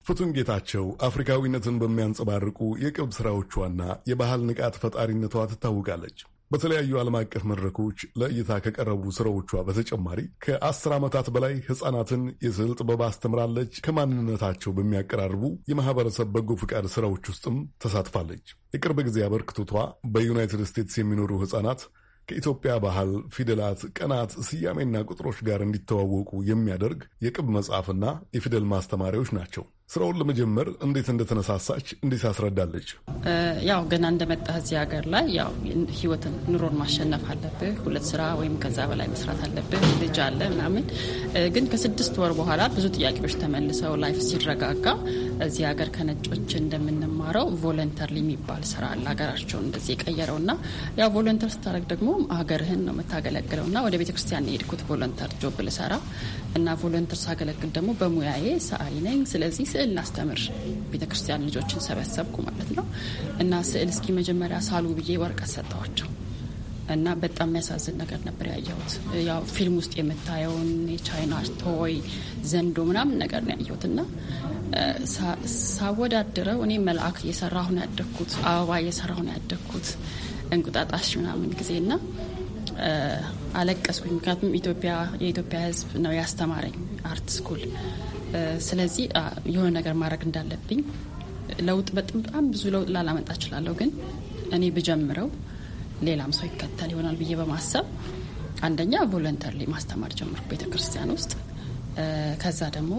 ፍቱን ጌታቸው አፍሪካዊነትን በሚያንጸባርቁ የቅርብ ስራዎቿና የባህል ንቃት ፈጣሪነቷ ትታወቃለች። በተለያዩ ዓለም አቀፍ መድረኮች ለእይታ ከቀረቡ ስራዎቿ በተጨማሪ ከአስር ዓመታት በላይ ሕፃናትን የስዕል ጥበብ አስተምራለች። ከማንነታቸው በሚያቀራርቡ የማህበረሰብ በጎ ፍቃድ ስራዎች ውስጥም ተሳትፋለች። የቅርብ ጊዜ አበርክቶቷ በዩናይትድ ስቴትስ የሚኖሩ ሕፃናት ከኢትዮጵያ ባህል፣ ፊደላት፣ ቀናት፣ ስያሜና ቁጥሮች ጋር እንዲተዋወቁ የሚያደርግ የቅብ መጽሐፍና የፊደል ማስተማሪያዎች ናቸው። ስራውን ለመጀመር እንዴት እንደተነሳሳች እንዴት ያስረዳለች። ያው ገና እንደመጣህ እዚህ ሀገር ላይ ያው ህይወትን ኑሮን ማሸነፍ አለብህ። ሁለት ስራ ወይም ከዛ በላይ መስራት አለብህ። ልጅ አለ ምናምን። ግን ከስድስት ወር በኋላ ብዙ ጥያቄዎች ተመልሰው ላይፍ ሲረጋጋ እዚህ ሀገር ከነጮች እንደምንማረው ቮለንተር የሚባል ስራ አለ ሀገራቸውን እንደዚህ የቀየረው ና ያ ቮለንተር ስታደረግ ደግሞ ሀገርህን ነው የምታገለግለው ና ወደ ቤተ ክርስቲያን የሄድኩት ቮለንተር ጆብ ልሰራ እና ቮለንተር ሳገለግል ደግሞ በሙያዬ ሰአሊ ነኝ። ስለዚህ ስዕል ናስተምር ቤተ ክርስቲያን ልጆችን ሰበሰብኩ ማለት ነው እና ስዕል እስኪ መጀመሪያ ሳሉ ብዬ ወረቀት ሰጠዋቸው። እና በጣም የሚያሳዝን ነገር ነበር ያየሁት። ያው ፊልም ውስጥ የምታየውን የቻይና ቶይ ዘንዶ ምናምን ነገር ነው ያየሁት እና ሳወዳድረው እኔ መልአክ እየሰራሁ ነው ያደግኩት፣ አበባ እየሰራሁ ነው ያደግኩት እንቁጣጣሽ ምናምን ጊዜ እና አለቀስኩኝ። ምክንያቱም ኢትዮጵያ የኢትዮጵያ ሕዝብ ነው ያስተማረኝ አርት ስኩል። ስለዚህ የሆነ ነገር ማድረግ እንዳለብኝ ለውጥ በጣም ብዙ ለውጥ ላላመጣ እችላለሁ፣ ግን እኔ ብጀምረው ሌላም ሰው ይከተል ይሆናል ብዬ በማሰብ አንደኛ ቮለንተሪ ማስተማር ጀምር ቤተ ክርስቲያን ውስጥ። ከዛ ደግሞ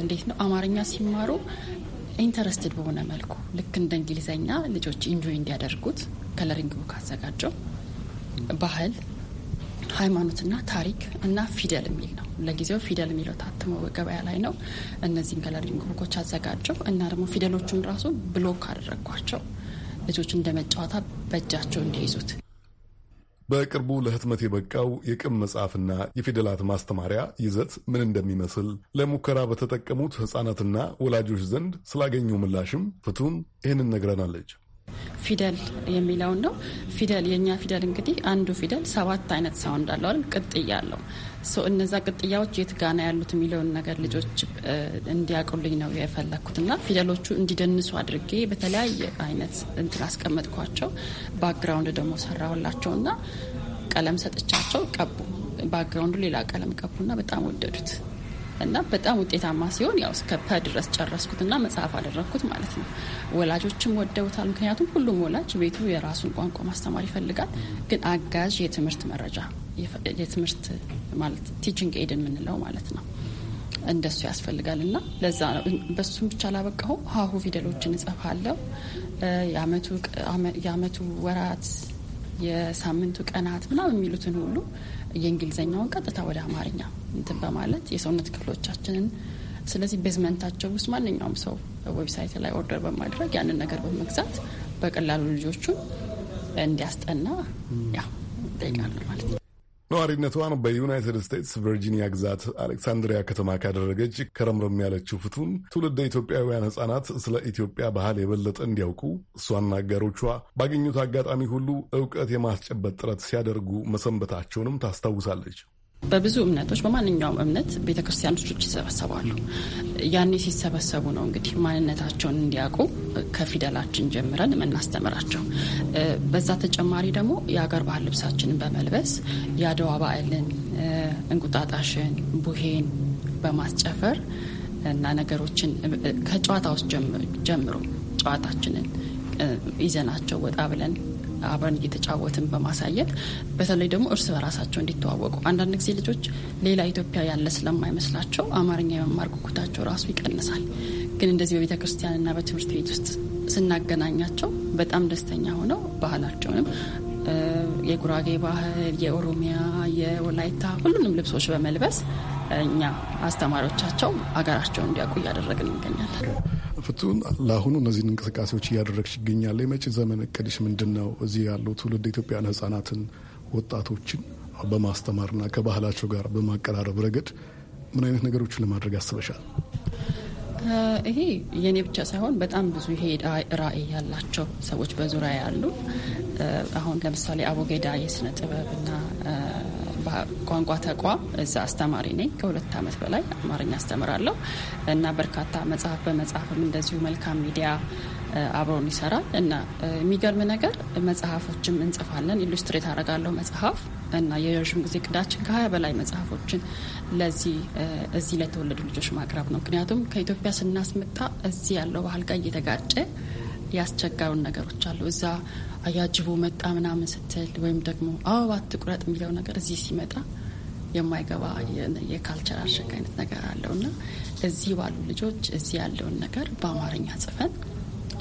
እንዴት ነው አማርኛ ሲማሩ ኢንተረስትድ በሆነ መልኩ ልክ እንደ እንግሊዘኛ ልጆች ኢንጆይ እንዲያደርጉት ከለሪንግ ቡክ አዘጋጀው። ባህል፣ ሃይማኖትና ታሪክ እና ፊደል የሚል ነው። ለጊዜው ፊደል የሚለው ታትሞ ገበያ ላይ ነው። እነዚህን ከለሪንግ ቡኮች አዘጋጀው እና ደግሞ ፊደሎቹን ራሱ ብሎክ አደረግኳቸው ልጆቹ እንደመጫወታ በእጃቸው እንዲይዙት። በቅርቡ ለህትመት የበቃው የቅም መጽሐፍና የፊደላት ማስተማሪያ ይዘት ምን እንደሚመስል ለሙከራ በተጠቀሙት ህጻናትና ወላጆች ዘንድ ስላገኘው ምላሽም ፍቱን ይህንን ነግረናለች። ፊደል የሚለውን ነው። ፊደል የእኛ ፊደል እንግዲህ አንዱ ፊደል ሰባት አይነት ሳውንድ አለው፣ ቅጥያ አለው። ሰው እነዛ ቅጥያዎች የት ጋና ያሉት የሚለውን ነገር ልጆች እንዲያውቁልኝ ነው የፈለግኩት እና ፊደሎቹ እንዲደንሱ አድርጌ በተለያየ አይነት እንትን አስቀመጥኳቸው። ባክግራውንድ ደግሞ ሰራሁላቸው እና ቀለም ሰጥቻቸው ቀቡ። ባክግራውንዱ ሌላ ቀለም ቀቡና በጣም ወደዱት እና በጣም ውጤታማ ሲሆን ያው እስከ ፐ ድረስ ና መጽሐፍ አደረግኩት ማለት ነው። ወላጆችም ወደውታል። ምክንያቱም ሁሉም ወላጅ ቤቱ የራሱን ቋንቋ ማስተማር ይፈልጋል። ግን አጋዥ የትምህርት መረጃ የትምህርት ማለት ቲችንግ ኤድ የምንለው ማለት ነው። እንደሱ ያስፈልጋል እና ለዛ ነው በሱም ብቻ ላበቃሁ ሀሁ ፊደሎችን እጽፋለሁ። የአመቱ ወራት፣ የሳምንቱ ቀናት ምናምን የሚሉትን ሁሉ የእንግሊዝኛውን ቀጥታ ወደ አማርኛ እንትን በማለት የሰውነት ክፍሎቻችንን ስለዚህ ቤዝመንታቸው ውስጥ ማንኛውም ሰው ዌብሳይት ላይ ኦርደር በማድረግ ያንን ነገር በመግዛት በቀላሉ ልጆቹን እንዲያስጠና ያ ጠይቃሉ ማለት ነው። ነዋሪነቷን በዩናይትድ ስቴትስ ቨርጂኒያ ግዛት አሌክሳንድሪያ ከተማ ካደረገች ከረምረም ያለችው ፍቱን ትውልደ ኢትዮጵያውያን ህጻናት ስለ ኢትዮጵያ ባህል የበለጠ እንዲያውቁ እሷና አጋሮቿ ባገኙት አጋጣሚ ሁሉ እውቀት የማስጨበጥ ጥረት ሲያደርጉ መሰንበታቸውንም ታስታውሳለች። በብዙ እምነቶች በማንኛውም እምነት ቤተ ክርስቲያን ልጆች ይሰበሰባሉ። ያኔ ሲሰበሰቡ ነው እንግዲህ ማንነታቸውን እንዲያውቁ ከፊደላችን ጀምረን የምናስተምራቸው። በዛ ተጨማሪ ደግሞ የአገር ባህል ልብሳችንን በመልበስ የአድዋ በዓልን፣ እንቁጣጣሽን፣ ቡሄን በማስጨፈር እና ነገሮችን ከጨዋታ ውስጥ ጀምሮ ጨዋታችንን ይዘናቸው ወጣ ብለን አብረን እየተጫወትን በማሳየት በተለይ ደግሞ እርስ በራሳቸው እንዲተዋወቁ አንዳንድ ጊዜ ልጆች ሌላ ኢትዮጵያ ያለ ስለማይመስላቸው አማርኛ የመማር ጉጉታቸው ራሱ ይቀንሳል። ግን እንደዚህ በቤተ ክርስቲያንና በትምህርት ቤት ውስጥ ስናገናኛቸው በጣም ደስተኛ ሆነው ባህላቸውንም የጉራጌ ባህል፣ የኦሮሚያ፣ የወላይታ ሁሉንም ልብሶች በመልበስ እኛ አስተማሪዎቻቸው አገራቸውን እንዲያውቁ እያደረግን እንገኛለን። ፍቱ ለአሁኑ እነዚህን እንቅስቃሴዎች እያደረግሽ ይገኛለ። የመጪ ዘመን እቅድሽ ምንድን ነው? እዚህ ያሉ ትውልድ ኢትዮጵያን ህጻናትን፣ ወጣቶችን በማስተማርና ከባህላቸው ጋር በማቀራረብ ረገድ ምን አይነት ነገሮችን ለማድረግ አስበሻል? ይሄ የኔ ብቻ ሳይሆን በጣም ብዙ ይሄ ራዕይ ያላቸው ሰዎች በዙሪያ ያሉ አሁን ለምሳሌ አቦጌዳ የስነ ጥበብና ቋንቋ ተቋም እዛ አስተማሪ ነኝ። ከሁለት ዓመት በላይ አማርኛ አስተምራለሁ እና በርካታ መጽሐፍ በመጽሐፍም እንደዚሁ መልካም ሚዲያ አብሮን ይሰራል እና የሚገርም ነገር መጽሐፎችም እንጽፋለን። ኢሉስትሬት አረጋለሁ መጽሐፍ እና የረዥም ጊዜ ቅዳችን ከሀያ በላይ መጽሐፎችን ለዚህ እዚህ ለተወለዱ ልጆች ማቅረብ ነው። ምክንያቱም ከኢትዮጵያ ስናስመጣ እዚህ ያለው ባህል ጋር እየተጋጨ ያስቸጋሩን ነገሮች አሉ እዛ አያጅቦ መጣ ምናምን ስትል ወይም ደግሞ አበባ አትቁረጥ የሚለው ነገር እዚህ ሲመጣ የማይገባ የካልቸር አሸግ አይነት ነገር አለው እና እዚህ ባሉ ልጆች እዚህ ያለውን ነገር በአማርኛ ጽፈን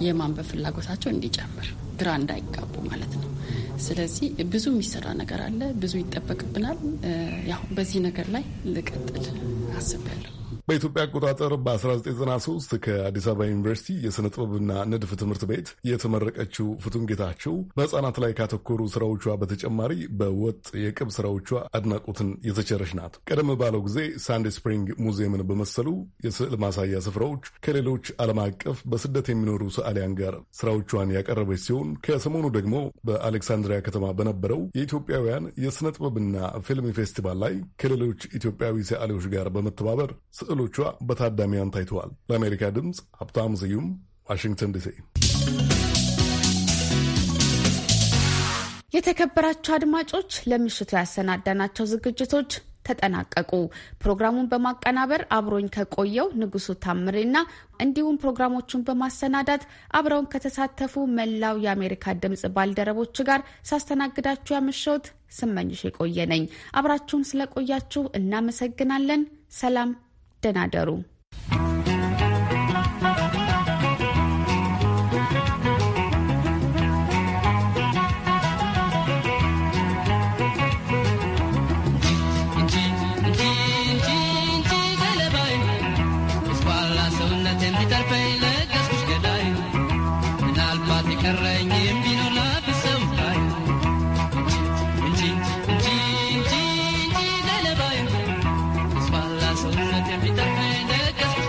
የማንበብ ፍላጎታቸው እንዲጨምር ግራ እንዳይጋቡ ማለት ነው። ስለዚህ ብዙ የሚሰራ ነገር አለ፣ ብዙ ይጠበቅብናል። ያው በዚህ ነገር ላይ ልቀጥል አስቤያለሁ። በኢትዮጵያ አቆጣጠር በ1993 ከአዲስ አበባ ዩኒቨርሲቲ የሥነ ጥበብና ንድፍ ትምህርት ቤት የተመረቀችው ፍቱን ጌታቸው በሕፃናት ላይ ካተኮሩ ስራዎቿ በተጨማሪ በወጥ የቅብ ስራዎቿ አድናቆትን የተቸረች ናት። ቀደም ባለው ጊዜ ሳንዴ ስፕሪንግ ሙዚየምን በመሰሉ የስዕል ማሳያ ስፍራዎች ከሌሎች ዓለም አቀፍ በስደት የሚኖሩ ሰዓሊያን ጋር ስራዎቿን ያቀረበች ሲሆን ከሰሞኑ ደግሞ በአሌክሳንድሪያ ከተማ በነበረው የኢትዮጵያውያን የሥነ ጥበብና ፊልም ፌስቲቫል ላይ ከሌሎች ኢትዮጵያዊ ሰዓሊዎች ጋር በመተባበር ምስሎቿ በታዳሚያን ታይተዋል። ለአሜሪካ ድምፅ ሀብታም ስዩም ዋሽንግተን ዲሲ። የተከበራቸው አድማጮች ለምሽቱ ያሰናዳናቸው ዝግጅቶች ተጠናቀቁ። ፕሮግራሙን በማቀናበር አብሮኝ ከቆየው ንጉሱ ታምሬና እንዲሁም ፕሮግራሞቹን በማሰናዳት አብረውን ከተሳተፉ መላው የአሜሪካ ድምፅ ባልደረቦች ጋር ሳስተናግዳችሁ ያመሸሁት ስመኝሽ የቆየ ነኝ። አብራችሁን ስለቆያችሁ እናመሰግናለን። ሰላም ደናደሩ